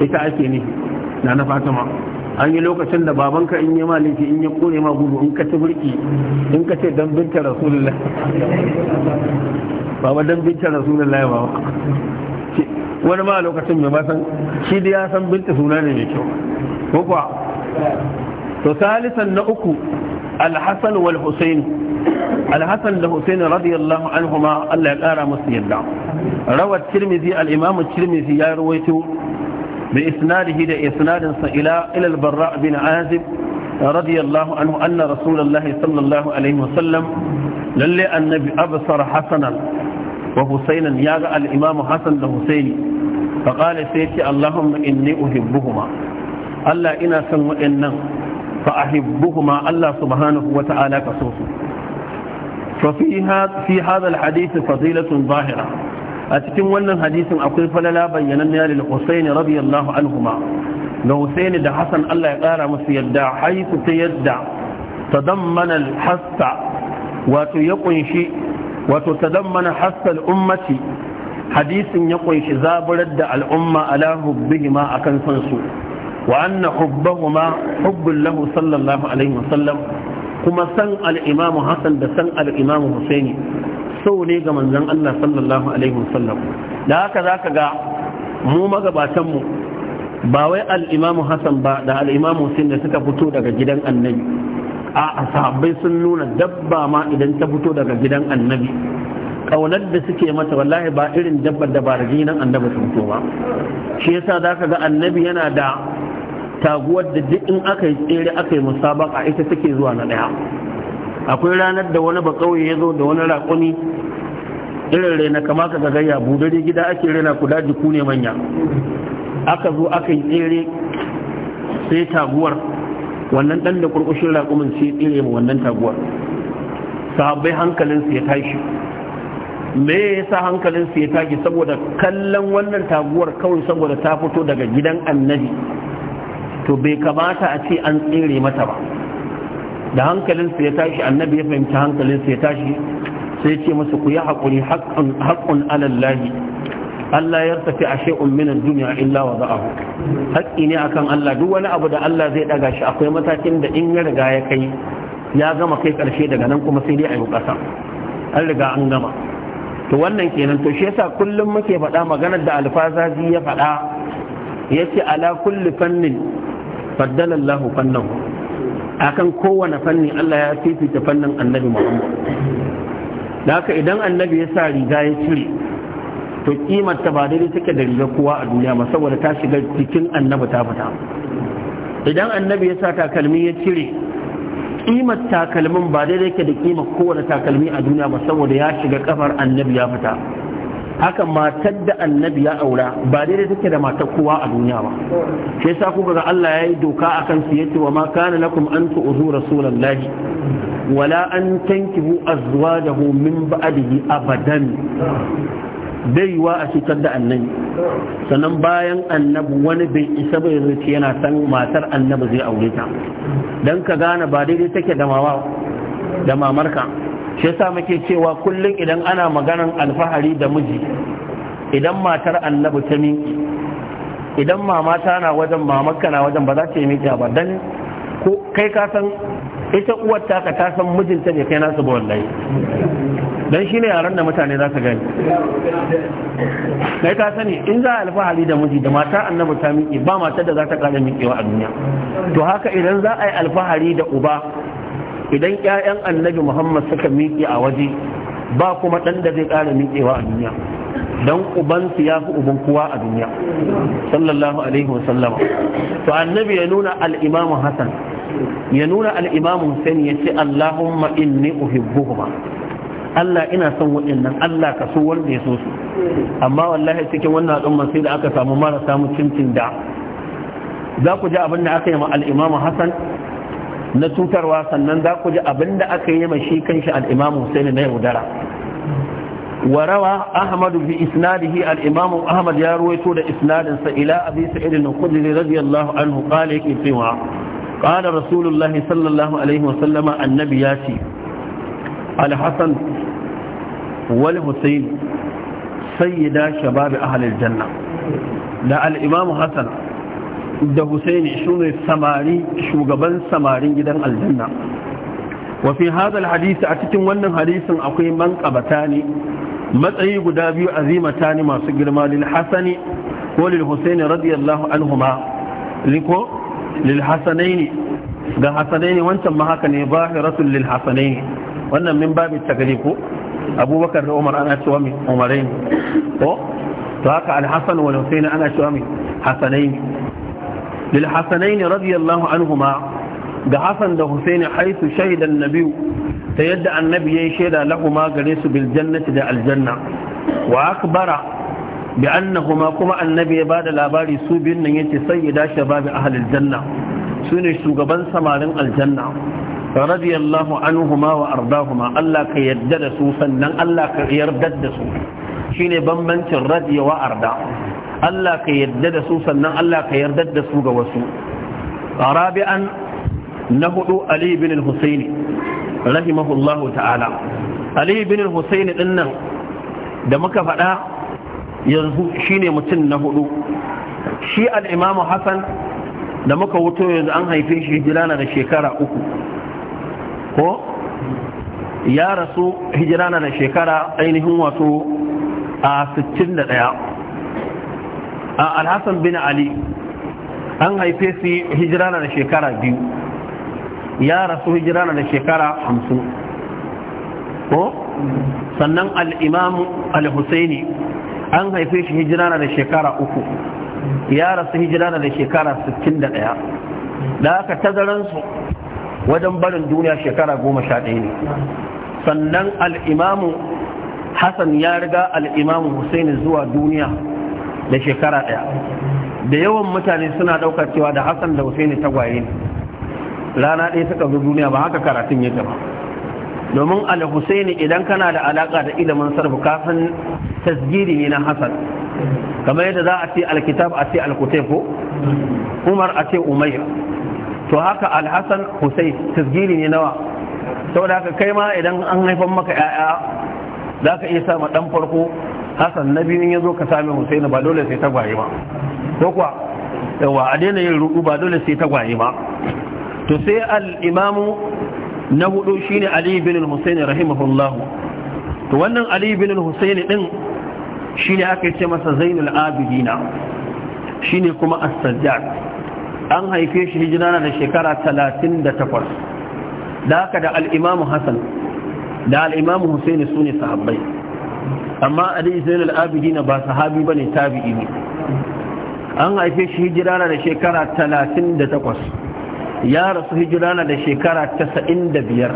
ita ake ne na na fatima an yi lokacin da babanka in yi ma laifi in ya kone ma gudu in ka ci burki in ka ce dan binta rasulullah baba dan binta rasulullah ya baba wani ma lokacin mai basan shi da ya san binta suna ne mai kyau ko kuwa to salisan na uku alhassan wal husain alhassan da husain radiyallahu anhu ma Allah ya kara musu yadda Rawar tirmidhi al-imam tirmidhi ya ruwaito بإسناده دا إسناد إلى إلى البراء بن عازب رضي الله عنه أن رسول الله صلى الله عليه وسلم للي النبي أبصر حسنا وحسينا ياغى الإمام حسن لحسين فقال سيتي اللهم إني أحبهما ألا إنا سنو إنا فأحبهما الله سبحانه وتعالى كسوس ففي هذا في هذا الحديث فضيلة ظاهرة a cikin wannan hadisin akwai falala bayyanan ya lil husaini radiyallahu anhuma da husaini da Hassan Allah ya kara musu yadda haitu ta yadda ta dammana hasta wato ya kunshi wato tadammana hasta al hadisin ya kunshi zaburar da al'umma ala hubbihima akan san su wa anna hubbahuma hubbul lahu sallallahu alaihi wasallam kuma san al'imamu imamu hasan da san al'imamu husaini so ne ga manzon Allah sallallahu alaihi wasallam da haka zaka ga mu magabatan mu ba wai al Hassan ba da al-Imam da suka fito daga gidan Annabi a sahabbai sun nuna dabba ma idan ta fito daga gidan Annabi Ƙaunar da suke mata wallahi ba irin dabbar da ba nan gidan Annabi sun fito ba shi yasa zaka ga Annabi yana da taguwar da duk in aka yi tsere aka yi musabaka ita take zuwa na daya akwai ranar da wani bakawai ya zo da wani rakuni irin rena kama ka gagayya budare gida ake rena ku daji ku ne manya aka zo aka yi tsere sai taguwar wannan dan da kurkushin raƙumin sai tsere ma wannan taguwar sahabbai hankalinsu ya tashi me ya sa hankalinsu ya tashi saboda kallon wannan taguwar kawai saboda ta fito daga gidan annabi to bai kamata a ce an tsere mata ba da hankalinsu ya tashi annabi ya fahimci hankalinsu ya tashi sai ce masa ku yi haƙuri haƙƙun alallahi Allah ya tafi a shay'un minan duniya dunya illa wa za'ahu haƙƙi ne akan Allah duk wani abu da Allah zai ɗaga shi akwai matakin da in ya riga ya kai ya gama kai ƙarshe daga nan kuma sai dai a yi ƙasa an riga an gama to wannan kenan to shi yasa kullum muke faɗa maganar da alfazazi ya faɗa ala kulli fannin faddala Allahu akan kowane fanni Allah ya fifita fannin annabi Muhammad da haka idan annabi ya sa riga ya cire to kimar ta ba daidai take da riga kowa a duniya ba saboda ta shiga cikin annabi ta fita idan annabi ya sa takalmi ya cire kimar takalmin ba daidai ke da kimar kowane takalmi a duniya ba saboda ya shiga kafar annabi ya fita haka matar da annabi ya aura ba daidai take da matar kowa a duniya ba Sai yasa kuka ga Allah ya yi doka akan su yace wa ma kana lakum an tu'zu rasulullahi wala an tankihu azwajahu min ba'dihi abadan baiwa a cutar da annabi sannan bayan annabi wani bai isa bai zuci yana san matar annabi zai aure ta dan ka gane ba daidai take da mawa da mamarka shi yasa muke cewa kullum idan ana maganan alfahari da miji idan matar annabi ta miki idan mama ta na wajen mamakka na wajen ba za ta yi miki ba dan ko kai ka san ita uwar ta ka ta san mijinta ne kai nasu ba wallahi dan shine yaran da mutane za su gani kai ka sani in za alfahari da miji da mata annabi ta miki ba matar da za ta kada miki wa a duniya to haka idan za a yi alfahari da uba idan ƴaƴan annabi muhammad suka miƙe a waje ba kuma ɗan da zai ƙara miƙewa a duniya don ubansu ya fi uban kowa a duniya sallallahu alaihi wa sallama. to annabi ya nuna al'imamu hassan ya nuna al'imamu hussein ya ce allahumma inni uhibbuhuma Allah ina son waɗannan Allah ka so wanda ya so su amma wallahi cikin wannan al'umma sai da aka samu mara samu cincin da za ku ji abin da aka yi ma al'imamu hassan na tutarwa sannan za ku ji abinda aka yi ma shi kanshi al'imamu sai na yaudara wa rawa ahmadu bi isnadihi al'imamu ahmad ya ruwaito da isnadin sa ila abi sa'id al-khudri radiyallahu anhu qala yake cewa qala rasulullahi sallallahu alaihi wa sallama annabi ya ce al-hasan wal husayn sayyida shabab ahli al-janna da al-imamu da husaini shine samari shugaban samarin gidan aljanna wa fi hadal hadisi a cikin wannan hadisin akwai manqabata ne matsayi guda biyu azimata ne masu girma lil hasani ko lil husaini radiyallahu anhuma liko lil hasanaini ga hasanaini wancan ma haka ne bahiratul lil hasanaini wannan min babin tagari ko abubakar da umar ana cewa mai umarai ko to haka alhassan wani husaini ana cewa mai hasanai lil hasanain anhu anhuma ga hasan da husaini haitu shahidan nabiyu ta yadda annabi yayi shaida lahuma gare su bil jannati da aljanna wa akbara bi annahuma kuma annabi ya da labari su biyun nan yace sayyida shababi ahlil janna sune shugaban samarin aljanna radiyallahu anhuma wa ardahuma Allah ka yarda da su sannan Allah ka yardar da su shine bambancin radiya wa arda Allah ka yarda da su sannan Allah ka yarda da su ga wasu rabi'an na hudu Ali bin al-Husaini rahimahullahu ta'ala Ali bin al-Husaini dinnan da muka faɗa yanzu shine mutum na hudu shi al Hassan da muka wuto yanzu an haife shi hijira na da shekara uku ko ya rasu hijira na da shekara ainihin wato a 61 alhassan bin ali an haife su hijira na shekara biyu ya rasu hijira na shekara hamsin ko sannan al'imamu al-husaini an haife shi hijira na shekara uku ya rasu hijira na shekara 61 da aka tazaransu wajen barin duniya shekara goma ne sannan al'imamu hassan ya riga al'imamu husaini zuwa duniya da shekara ɗaya da yawan mutane suna ɗaukar cewa da hassan da husaini tagwaye ne rana ɗaya suka zo duniya ba haka karatun yake ba domin al-husaini idan kana da alaka da ilimin sarfu san tasgiri ne na Hassan. kamar yadda za a ce alkitab a ce alkutai ko umar a ce umayya to haka al hassan husai tasgiri ne nawa saboda haka kai ma idan an haifan maka 'ya'ya za ka iya sama ɗan farko Hassan na biyun ya zo ka sami husaini ba dole sai tagwaye ba ko kuwa yawa a daina yin rudu ba dole sai tagwaye ba to sai al'imamu na hudu shine Aliyu bin Hussein husaini rahimahullahu to wannan Aliyu bin Hussein husaini din shine aka ce masa zainul abidina shine kuma as-sajjad an haife shi hijira da shekara 38 da haka da al'imamu Hassan da al'imamu Hussein su ne sahabbai amma ali zainal abidina ba sahabi bane tabi'i ne an haife shi hijira da shekara 38 ya rasu hijira da shekara 95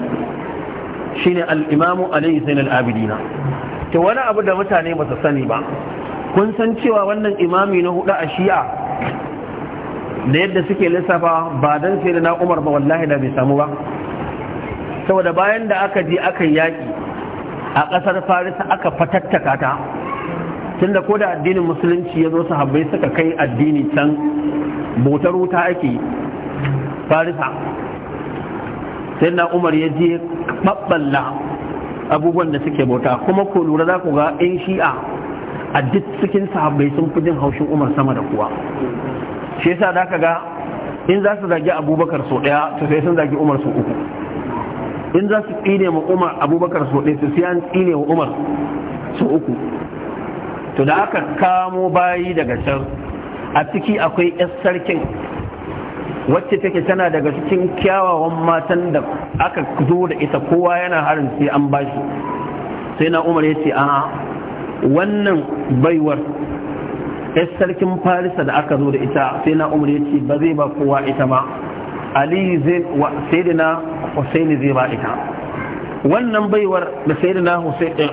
shine al-imamu ali zainal abidina to wani abu da mutane ba su sani ba kun san cewa wannan imami na hudu a shi'a da yadda suke lissafa ba dan sai da na umar ba wallahi da bai samu ba saboda bayan da aka je aka yaki a ƙasar farisa aka fatattaka ta tunda ko da addinin musulunci ya zo su Habbai suka kai addini can bautar wuta ake farisa sai na umar ya je ɓaɓɓalla abubuwan da suke bauta kuma ko lura za ku ga in shi'a a duk cikin sahabbai sun fi jin haushin umar sama da kuwa shi yasa da ka ga in za su zagi abubakar sau ɗaya to sai sun zagi umar sau uku in za su tsine ma umar abubakar su ɗaya su sai an tsine wa umar su uku to da aka kamo bayi daga can a ciki akwai yan sarkin wacce take tana daga cikin kyawawan matan da aka zo da ita kowa yana harin sai an bashi sai na umar ya ce a wannan baiwar yan sarkin farisa da aka zo da ita sai na umar ya ce ba zai ba kowa ita ba ali zai wa zai wannan baiwar da sayyidina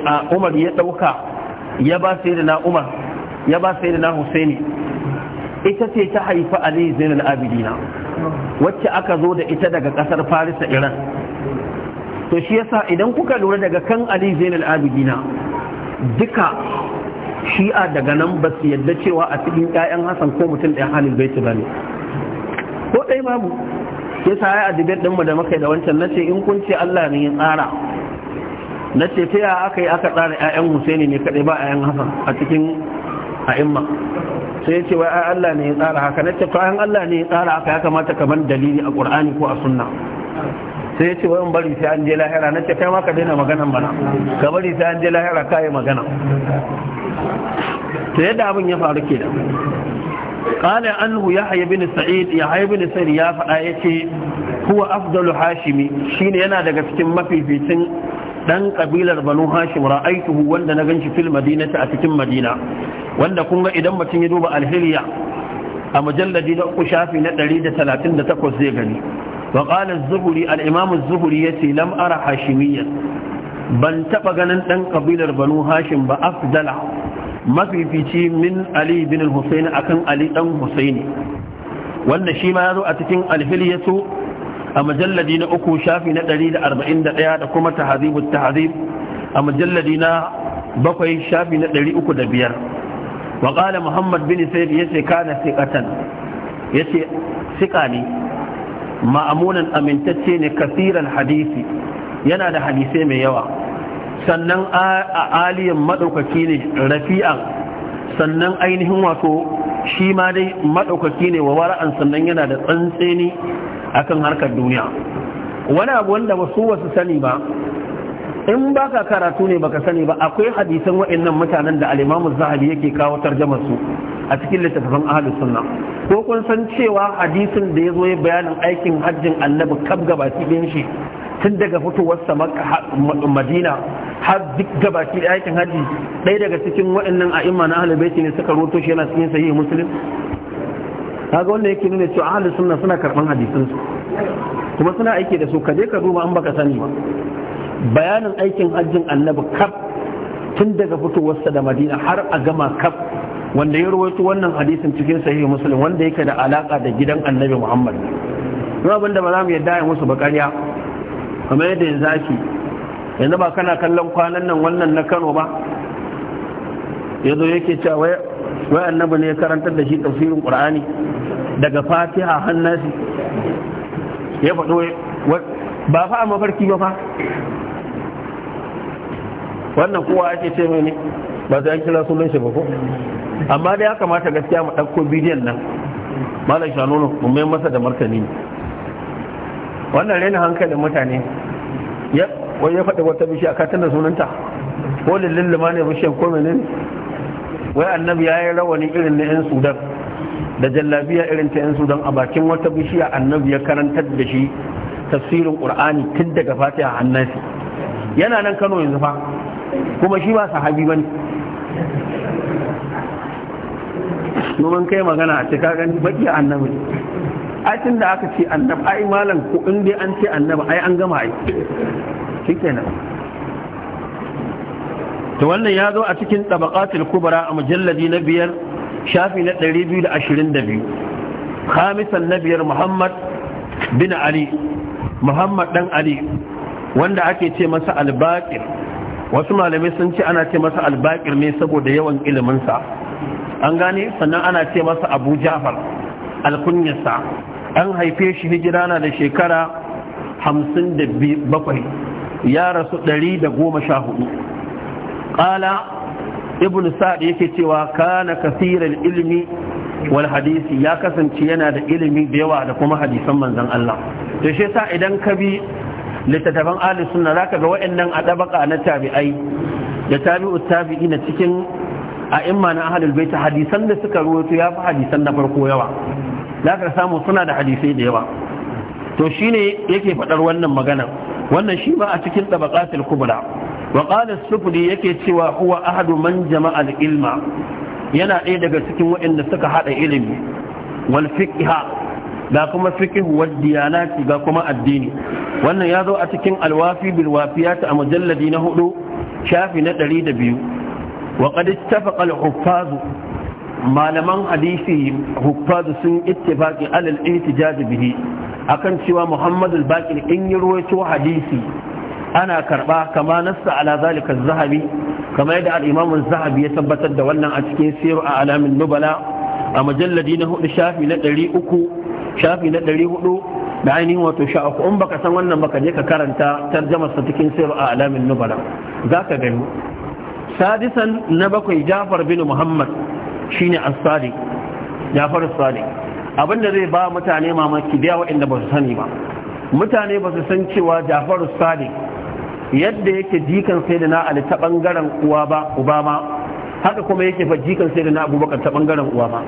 a umar ya dauka ya ba sayyidina umar ya ba sayyidina Hussein ita ce ta haifa ali zainul abidina wacce aka zo da ita daga kasar farisa iran to shi yasa idan kuka lura daga kan ali zainul abidina duka shi'a daga nan ba su yadda cewa a cikin 'ya'yan hassan ko mutum ɗaya halin baiti ba ne ko ɗaya babu yasa ya adibe din mu da makai da wancan nace in kun ce Allah ne ya tsara nace ta ya aka yi aka tsara ƴaƴan Husaini ne kadai ba ƴaƴan Hassan a cikin a'imma sai ce wai Allah ne ya tsara haka nace to an Allah ne ya tsara haka ya kamata ka ban dalili a Qur'ani ko a Sunna sai ce wai in bari sai an je lahira nace kai ma ka daina maganan bana ka bari sai an je lahira kai magana to yadda abin ya faru kenan قال أنه يحيى بن سعيد يحيى بن سعيد يا yace هو أفضل هاشمي shine yana daga cikin mafificin dan kabilar Banu Hashim ra'aituhu wanda na ganshi fil madinati a cikin Madina wanda kun ga idan mutum ya duba al a mujalladi da uku shafi na 138 zai gani wa qala az-Zuhri al-Imam az-Zuhri yace lam ara hashimiyyan ban taba ganin dan kabilar Banu Hashim ba afdala mafifici min ali bin Hussein akan ali dan Hussein wanda shi ma ya zo a cikin alhiliyatu a majalladi na uku shafi na 141 da kuma tahzibu tahzib a majalladi na bakwai shafi na 305 wa qala muhammad bin sayyid yace kana siqatan yace siqa ne ma'amunan amintacce ne kasiran hadisi yana da hadisai mai yawa sannan a aliyan maɗaukaki ne rafi'an sannan ainihin wato shi ma dai maɗaukaki ne wa wara'an sannan yana da tsantseni kan harkar duniya wani abu wanda ba wasu sani ba in baka karatu ne baka sani ba akwai hadisan wa'annan mutanen da alimamu zahabi yake kawo tarjamar su a cikin littattafan ahlus sunna ko kun san cewa hadisin da ya zo ya bayanin aikin hajjin annabi kab gabaki ɗin shi tun daga fitowar sa madina har duk gabaki da aikin haji ɗaya daga cikin waɗannan a'imma na ahlul ne suka roto shi yana cikin sahih muslim kaga wanda yake nuna cewa ahlus sunna suna karban hadisin su kuma suna aiki da su ka je ka duba an baka sani ba bayanin aikin hajjin annabi kaf tun daga fitowarsa da madina har a gama kaf wanda ya rawaito wannan hadisin cikin sahihi muslim wanda yake da alaka da gidan annabi muhammad abin da ba za mu yadda ya musu bakariya kamar yadda yanzu ake yanzu ba kana kallon kwanan nan wannan na kano ba ya zo yake cewa wai annabi ne ya karantar da shi tafsirin ƙur'ani daga fatiha hannasi ya faɗo ba fa a mafarki ba fa wannan kowa ake ce mai ne ba za a kira sunan shi ba ko amma dai ya kamata gaskiya mu ɗauko bidiyon nan malam shanono mu mai masa da martani ne wannan rena hankalin mutane wai ya faɗi wata bishiya ka tana sunanta ko lima ne bishiyar ko ne? wai annabi ya yi rawani irin na 'yan sudan da jallabiya irin ta 'yan sudan a bakin wata bishiya annabi ya karantar da shi tafsirin ƙur'ani tun daga fatiha hannasi yana nan kano yanzu fa kuma shi ba sahabi ba ne noman kai magana a cika gani baki annabi a cikin da aka ce annabi ai malam ko in dai an ce annabi ai an gama ai to wannan ya zo a cikin tabaqatul kubra a mujalladi na biyar shafi na 222 khamisan na biyar muhammad bin ali muhammad dan ali wanda ake ce masa albaqir wasu malamai sun ce ana ce masa albaqir ne saboda yawan ilimin sa an gane sannan ana ce masa abu jafar alkunyarsa an haife shi hijira na da shekara 57 ya rasu ɗari da goma sha 114 ƙala ibnu sa'd yake cewa kana kaseeran ilmi wal hadisi ya kasance yana da ilimi da yawa da kuma hadisan manzan Allah to shi yasa idan ka bi littattafan ahli sunna zaka ga wayannan a ɗabaƙa na tabi'ai da tabi'ut tabi'i na cikin a'imma na ahlul bait hadisan da suka ruwato ya fi hadisan na farko yawa zaka samu suna da hadisai da yawa to shi shine yake faɗar wannan maganar? wannan shi ba a cikin tabaqatul kubra wa qala as-sufli yake cewa huwa ahadu man jama'a al-ilma yana ɗaya daga cikin waɗanda suka hada ilimi wal fiqha da kuma fiqh wa diyanati ga kuma addini wannan ya zo a cikin alwafi bil wafiyat a mujalladi na hudu shafi na 102 wa qad ittafaqa al-huffaz malaman hadisi huffazu sun ittifaqi alal ihtijaj bihi akan cewa muhammadu bakir in yi ruwaito hadisi ana karba kama nasta ala zalika zahabi kama yadda al'imamun zahabi ya tabbatar da wannan a cikin siru a alamin nubala a mujalladi na hudu shafi na ɗari uku shafi na ɗari hudu da ainihin wato sha uku in baka san wannan baka je ka karanta tarjamar sa cikin siru a alamin nubala za ka gani sadisan na bakwai jafar bin muhammad shine as-sadiq jafar as-sadiq abinda zai ba mutane mamaki da yawa inda ba su sani ba mutane ba su san cewa jafaru sadiq yadda yake jikan sai da na ta bangaren uwa ba uba ma haka kuma yake fa jikan sai da na abubakar ta bangaren uwa ma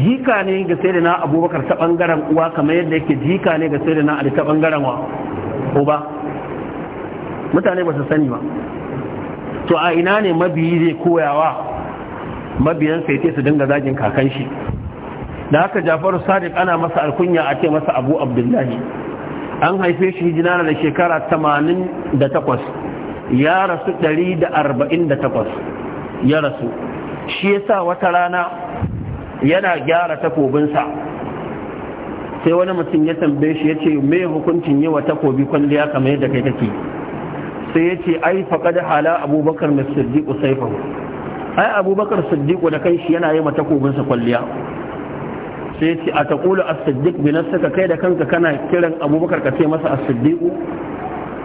jika ne ga sai da na abubakar ta bangaren uwa kamar yadda yake jika ne ga sai da na ta bangaren wa uba mutane ba su sani ba to a ina ne mabiyi zai koyawa mabiyan sai su dinga zagin kakan shi da haka jafaru sadiq ana masa alkunya a ce masa abu abdullahi an haife shi hijinana da shekara 88 ya rasu 148 ya rasu shi ya sa wata rana yana gyara takobinsa sai wani mutum ya tambaye shi ya ce me hukuncin yi wa takobi kwalliya kamar yadda kai take sai ya ce ai da hala abubakar mai siddiƙu saifahu ai abubakar siddiƙu da kanshi yana yi wa takobinsa kwalliya sai ce a taƙulu a siddiq bi suka kai da kanka kana kiran abubakar ka ce masa a siddiq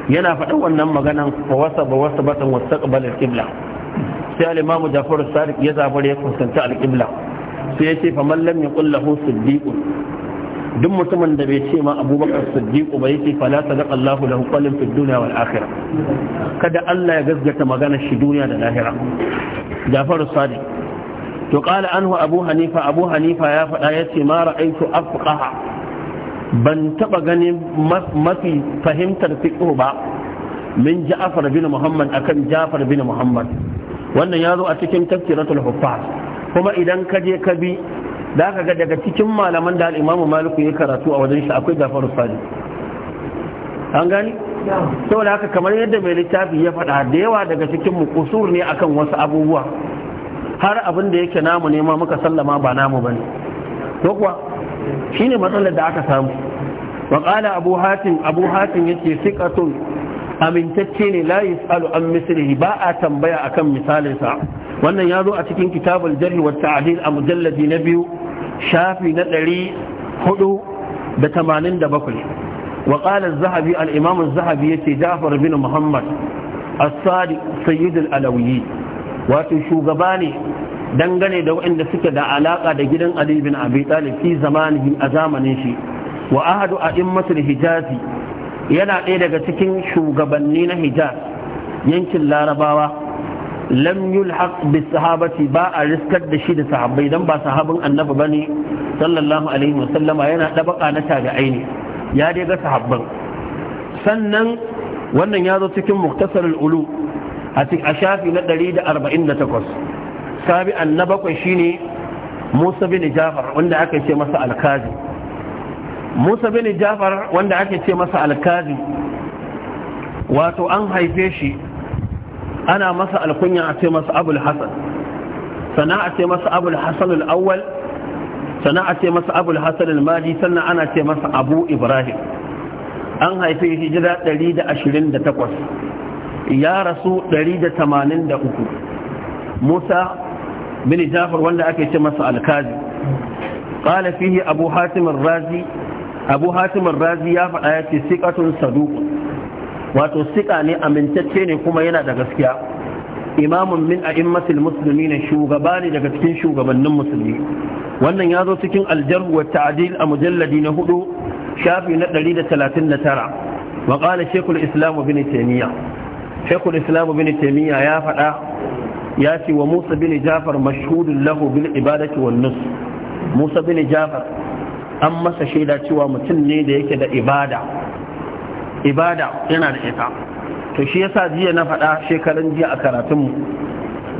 yana faɗin wannan maganan a wasa ba wasa batan wastaqbal al-qibla sai alimamu Ja'far sadiq ya zabar ya kusanta al sai ya ce fa Mallam ya yaqul lahu duk mutumin da bai ce ma abubakar siddiq ba yake fa la sadaqa Allah da hukwalin fi duniya wal kada Allah ya gaskata maganar shi duniya da lahira Ja'far sadiq to qala anhu abu hanifa abu hanifa ya faɗa yace mara ra'aytu afqaha ban taba ganin mafi fahimtar fiqh ba min ja'far bin muhammad akan ja'far bin muhammad wannan ya zo a cikin tafsiratul huffaz kuma idan ka je ka bi da ka ga daga cikin malaman da imam maliku ya karatu a wajen shi akwai ja'afar sadiq an gani saboda haka kamar yadda mai littafi ya faɗa da yawa daga cikin mu kusur ne akan wasu abubuwa har abin da yake namu nema muka sallama ba namu bane ko kuwa shine matsalar da aka samu Waƙala abu hatim abu hatim yace siqatun amintacce ne la yusalu an Misiri, ba a tambaya akan misalinsa wannan ya zo a cikin kitabul jarh wa a mujalladi na biyu shafi na ɗari hudu da tamanin da bakwai Waƙala zahabi al'imamun zahabi ya ce jafar bin muhammad asadi sayyidul alawiyi wato shugaba ne dangane da waɗanda suke da alaƙa da gidan Ali bin Abi Talib fi zamanihi a zamanin shi wa ahadu a'immatul hijazi yana ɗaya daga cikin shugabanni na hijaz yankin larabawa lam yulhaq bi sahabati ba a riskar da shi da sahabbai dan ba sahabin annabi bane sallallahu alaihi wasallama yana dabaka na tabi'ai ne ya dai ga sahabban sannan wannan ya zo cikin muktasar ulu a shafi na 148 sabi'an na bakwai ne musa bin jafar wanda aka ce masa alkazi musa bin jafar wanda aka ce masa alkazi wato an haife shi ana masa alkunya a ce masa abul hasan sana a ce masa abul hasan al'awwal sana a ce masa abul hasan al-madi sannan ana ce masa abu ibrahim an haife shi jira 128 ya rasu 183 musa bin jafar wanda ake ce masa alkazi Ƙala fihi abu hatim razi abu razi ya faɗa ya ce siqatun saduq wato siqa ne amintacce ne kuma yana da gaskiya imamun min musulmi muslimin shugaba ne daga cikin shugabannin musulmi wannan ya zo cikin aljarh wa a mujalladi na hudu shafi na 139 wa qala shaykhul Islamu bin taymiyyah shekul islamu bin taimiyya ya faɗa ya ce wa musa bin jafar mashhudun lahu bil ibadati wan nus musa bin jafar an masa shaida cewa mutum ne da yake da ibada ibada yana da ita to shi yasa jiya na faɗa shekaran jiya a karatunmu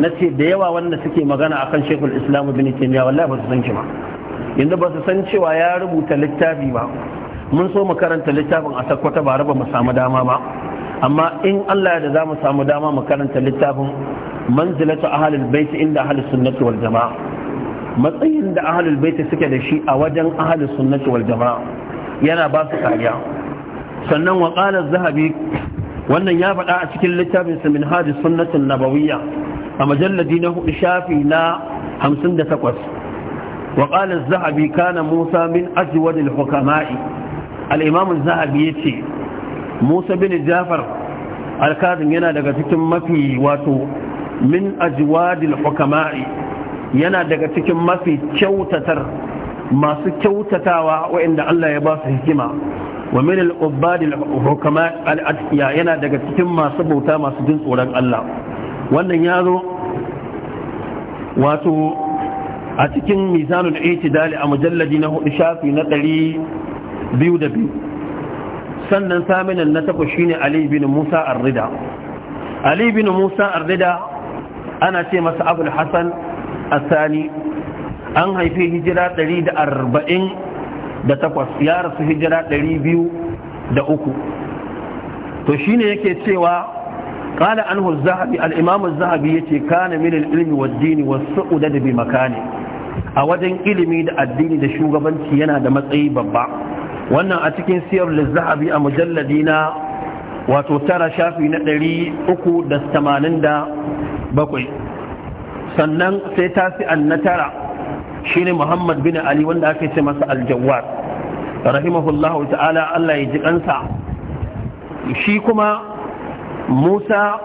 na ce da yawa wanda suke magana akan shekul islamu bin taimiyya wallahi ba su san shi ba yanzu ba su san cewa ya rubuta littafi ba mun so mu karanta littafin a sakwata ba raba mu samu dama ba amma in Allah ya da za mu samu dama mu karanta littafin manzilatu ahlul bait inda ahlus sunnati wal jamaa matsayin da ahlul bait suke da shi a wajen a sunnati wal jamaa yana ba su kariya sannan wa qala zahabi wannan ya faɗa a cikin littafin sa minhaj sunnatin nabawiyya a majalladi na hudu shafi na 58 wa qala zahabi kana musa min ajwad al hukama'i al imam zahabi yace musa bin jafar alkazin yana daga cikin mafi wato min ajwadil hukama'i yana daga cikin mafi kyautatar masu kyautatawa wa'inda Allah ya ba su hikima wa min al-ubadil hukama al yana daga cikin masu bauta masu jin tsoron Allah wannan ya zo wato a cikin mizanul itidali a mujalladi na hudu shafi na sannan saminan na takwas shine Ali bin Musa Ar-Rida Ali bin Musa Ar-Rida ana ce masa Abul Hasan Asani an haife hijira 148 ya rasu hijira 203 to shine yake cewa قال عنه الذهبي الإمام الذهبي يتي كان من العلم والدين والسؤدد بمكانه a wajen ilimi da addini da shugabanci yana da matsayi babba wannan a cikin siyar zahabi a mujalladi na wato tara shafi na ɗari uku da tamanin da bakwai sannan sai tasi'an na tara ne muhammad bin ali wanda ake ce masa aljawar rahimahullahu ta'ala allah ya ji kansa shi kuma musa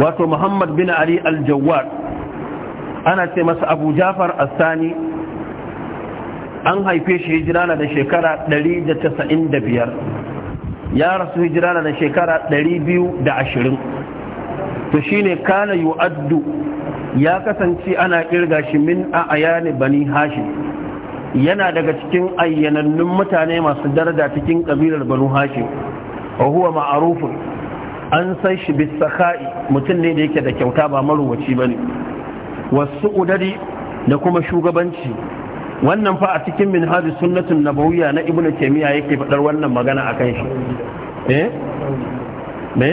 wato muhammad bin ali aljawar ana ce masa abu jafar Sani. an haife shi hijira na da shekara 195 ya rasu hijira na da shekara 220 to shine kana yu'addu ya kasance ana kirga shi min a ayani bani hashi. yana daga cikin ayyanannun mutane masu daraja cikin kabilar banu hashim wa huwa ma'arufun an san shi sakha'i mutum ne da yake da kyauta ba maruwaci bane wasu udari da kuma shugabanci wannan fa a cikin minhaj sunnatun nabawiyya na ibnu taymiya yake fadar wannan magana akan shi eh me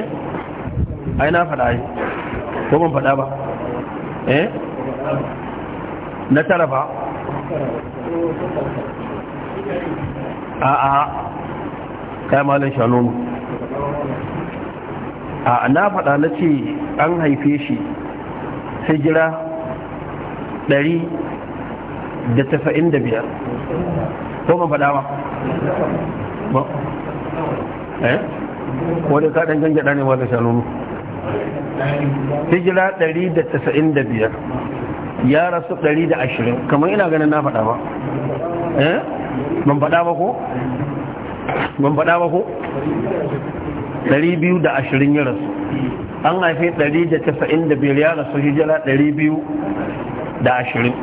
ai na fada ai ko ban fada ba eh na tara ba a a kai malam shanonu a na fada na ce an haife shi hijira ɗari. da tafa'in da biyar ko ban faɗa ba eh? ko wadda ka ɗan ɗane ne wadda shanunu hijira 195 ya rasu 120 kamar ina ganin na faɗa ba eh? ban faɗa ba ko ban faɗa ba ko 220 ya rasu an haife 195 ya rasu hijira ashirin.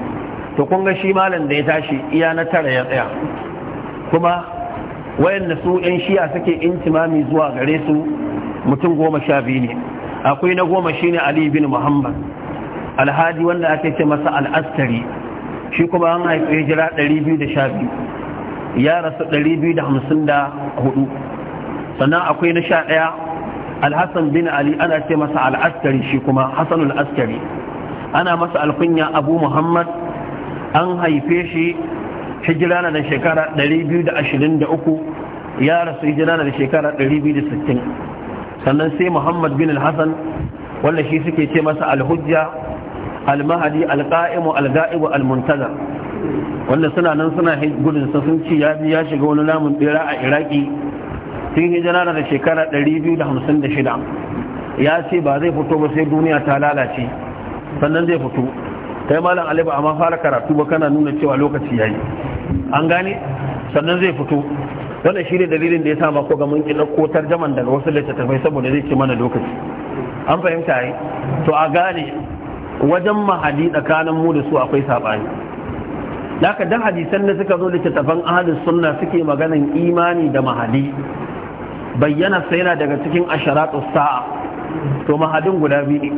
to kun ga shi malam da ya tashi iya na tara ya tsaya kuma wayanda su yan shiya suke intimami zuwa gare su mutum goma sha biyu ne akwai na goma shi ne ali bin muhammad alhaji wanda ake ce masa al'askari shi kuma an haifi sha 212 ya rasu 254 sannan akwai na sha ɗaya alhassan bin ali ana ce masa al'askari shi kuma hassan askari ana masa alkunya abu muhammad an haife shi hijira na da shekara 223 ya rasu hijira na da shekara 260 sannan sai muhammad bin al-hassan wanda shi suke ce masa al-hujja al-mahadi al-qa'imu al-ga'ibu al muntaza wanda suna nan suna gudun sa sun ci ya ya shiga wani namun bera a iraki sun hijira na da shekara 256 ya ce ba zai fito ba sai duniya ta lalace sannan zai fito kai malam ali ba amma fara karatu ba kana nuna cewa lokaci yayi an gane sannan zai fito wannan shine dalilin da ya sa ma ko ga mun ki dauko tarjaman daga wasu littattafai saboda zai ci mana lokaci an fahimta yi to a gane wajen mahadi tsakanin mu da su akwai sabani Laka dan hadisan da suka zo littattafan ahalin sunna suke maganan imani da mahadi bayyana sai yana daga cikin asharatu sa'a to mahadin guda biyu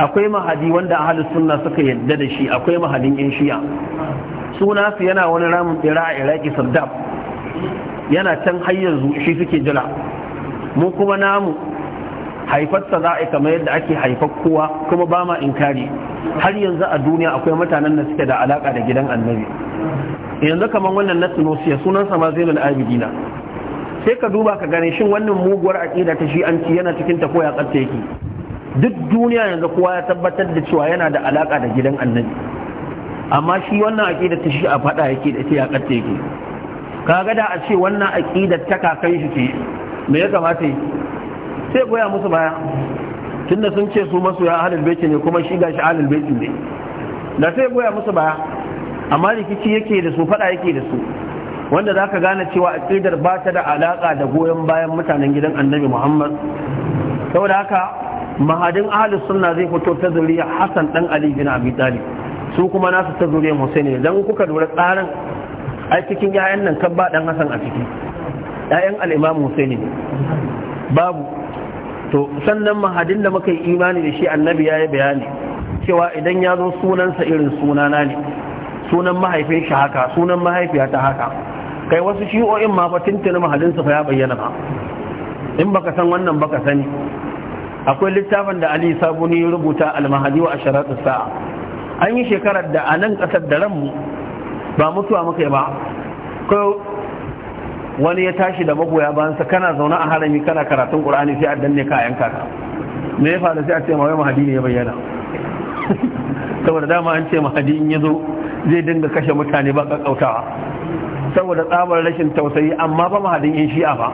akwai mahadi wanda ahalus sunna suka yadda da shi akwai mahadin yan shiya suna su yana wani ramin tsira a iraki saddam yana can har yanzu shi suke jira mu kuma namu haifarsa za a kamar yadda ake haifar kowa kuma ba ma inkari har yanzu a duniya akwai mutanen da suke da alaka da gidan annabi yanzu kamar wannan na tunosiya sunansa ma zainul abidina sai ka duba ka gane shin wannan muguwar aƙida ta shi an ci yana cikin ta ko ya tsarta yake duk duniya yanzu kowa ya tabbatar da cewa yana da alaka da gidan annabi amma shi wannan aƙida ta shi a faɗa yake da ta ya ƙarta yake kaga da a ce wannan aƙida ta kakan shi ce me ya kamata yi sai goya musu baya tunda sun ce su masu ya ahlul baiti ne kuma shi gashi ahlul baiti ne da sai goya musu baya amma rikici yake da su faɗa yake da su wanda za ka gane cewa aƙidar ba ta da alaƙa da goyon bayan mutanen gidan annabi muhammad saboda haka mahadin ahalus sunna zai fito ta zuriya hassan dan ali bin abi talib su kuma nasu ta musai ne don kuka lura tsarin a yayan nan kan ba dan hassan a ciki yayan al-imam ne. babu to sannan mahadin da muka yi imani da shi annabi ya yi bayani cewa idan ya zo sunansa irin sunana ne sunan mahaifin shi haka sunan mahaifiya ta haka kai wasu shi'o'in ma fa tuntuni mahadinsa fa ya bayyana ba in baka san wannan baka sani akwai littafin da ali sabuni ya rubuta almahadi wa asharatu sa'a an yi shekarar da a nan kasar da ranmu ba mutuwa muka ba ko wani ya tashi da magoya bayan sa kana zaune a harami kana karatun qur'ani sai a danne ka yanka ka me ya faru sai a ce mawai mahadi ne ya bayyana saboda dama an ce mahadi in zo, zai dinga kashe mutane ba kakkautawa saboda tsabar rashin tausayi amma ba mahadin in shi'a ba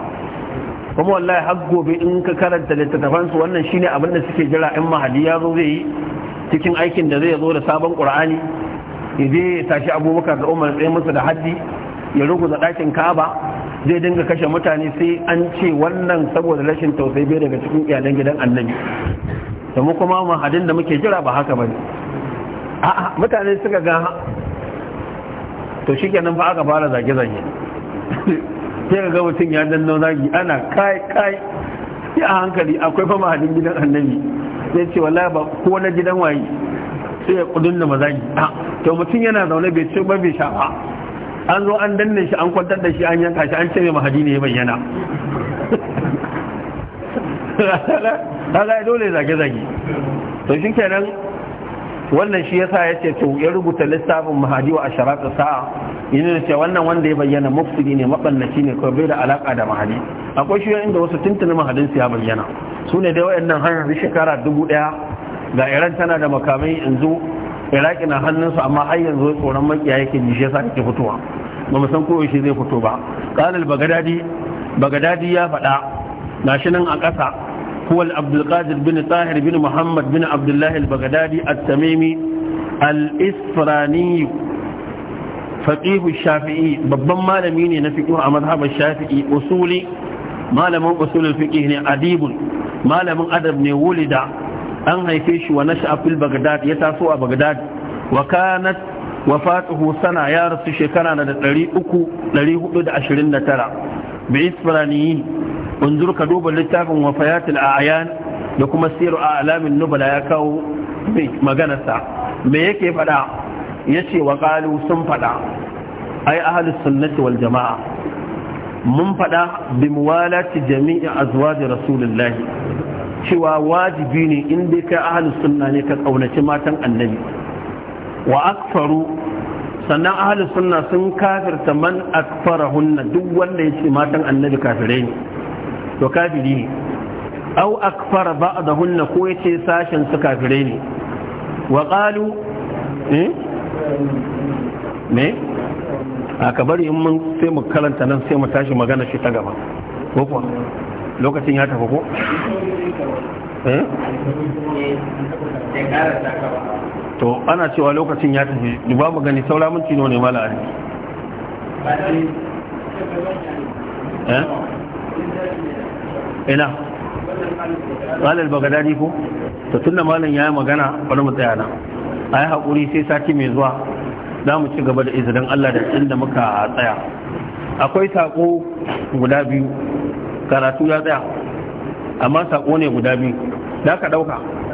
kuma wallahi har gobe in ka karanta littattafan su wannan shine abin da suke jira in mahadi ya zo zai yi cikin aikin da zai zo da sabon qur'ani ya je ya tashi abubakar da umar tsaye musu da haddi ya ruguza ɗakin kaba zai dinga kashe mutane sai an ce wannan saboda rashin tausayi bai daga cikin iyalan gidan annabi da mu kuma mahadin da muke jira ba haka bane a'a mutane suka ga to shikenan fa aka fara zage-zage sai ga mutum ya danno zagi ana kai kai sai a hankali akwai fama hadin gidan annabi sai ce wala ba ko na gidan waye sai ya kudin da mazagi to mutum yana zaune bai ce ba bai sha an zo an danne shi an kwantar da shi an yanka shi an ce mai mahadi ne ya bayyana dole zage zage to shi kenan wannan shi yasa ya ce to ya rubuta littafin mahadi wa asharatu sa'a yana ce wannan wanda ya bayyana mufsidi ne mabannaci ne ko bai da alaka da mahadi akwai shi inda wasu tuntuni mahadin su ya bayyana su ne dai wayannan hanyar shekara dubu daya ga iran tana da makamai yanzu iraki na hannunsu amma har yanzu tsoron makiya yake ji shi yasa yake fitowa ba mu san ko shi zai fito ba qalal bagadadi bagadadi ya faɗa gashi nan a ƙasa هو عبد القادر بن طاهر بن محمد بن عبد الله البغدادي التميمي الإسفراني فقيه الشافعي babban malami ne na fiqh a shafi'i usuli malamin usulul fiqh ne adibun malamin adab ne wulida an haife shi wa nasha fil bagdad ya taso a bagdad wa kanat wafatuhu ya rasu shekara na 300 429 bi unzur ka duba littafin wafayatul a'yan da kuma siru a alamin nubala ya kawo maganarsa me yake faɗa ya ce wa ƙalu sun faɗa ai ahalus sunnati wal jama'a mun faɗa bi muwalati jami'i azwaji rasulullahi cewa wajibi ne in dai kai ahalus sunna ne ka kaunaci matan annabi wa sannan ahalus sunna sun kafirta man akfarahunna duk wanda ya ce matan annabi kafirai ne to kafiri ne au da hunna ko yace sashen su kafire ne wa qalu ne eh? me a in mun sai mu karanta nan sai mu tashi magana shi ta gaba ko kuwa lokacin ya tafi ko eh? to ana cewa lokacin ya tafi ba mu gani saura mun tino ne mala ina malal bagadadi ko to tunda malam ya yi magana bari mu tsaya nan a yi haƙuri sai sati mai zuwa za mu ci gaba da izinin allah da inda muka tsaya akwai saƙo guda biyu karatu ya tsaya amma saƙo ne guda biyu da ka ɗauka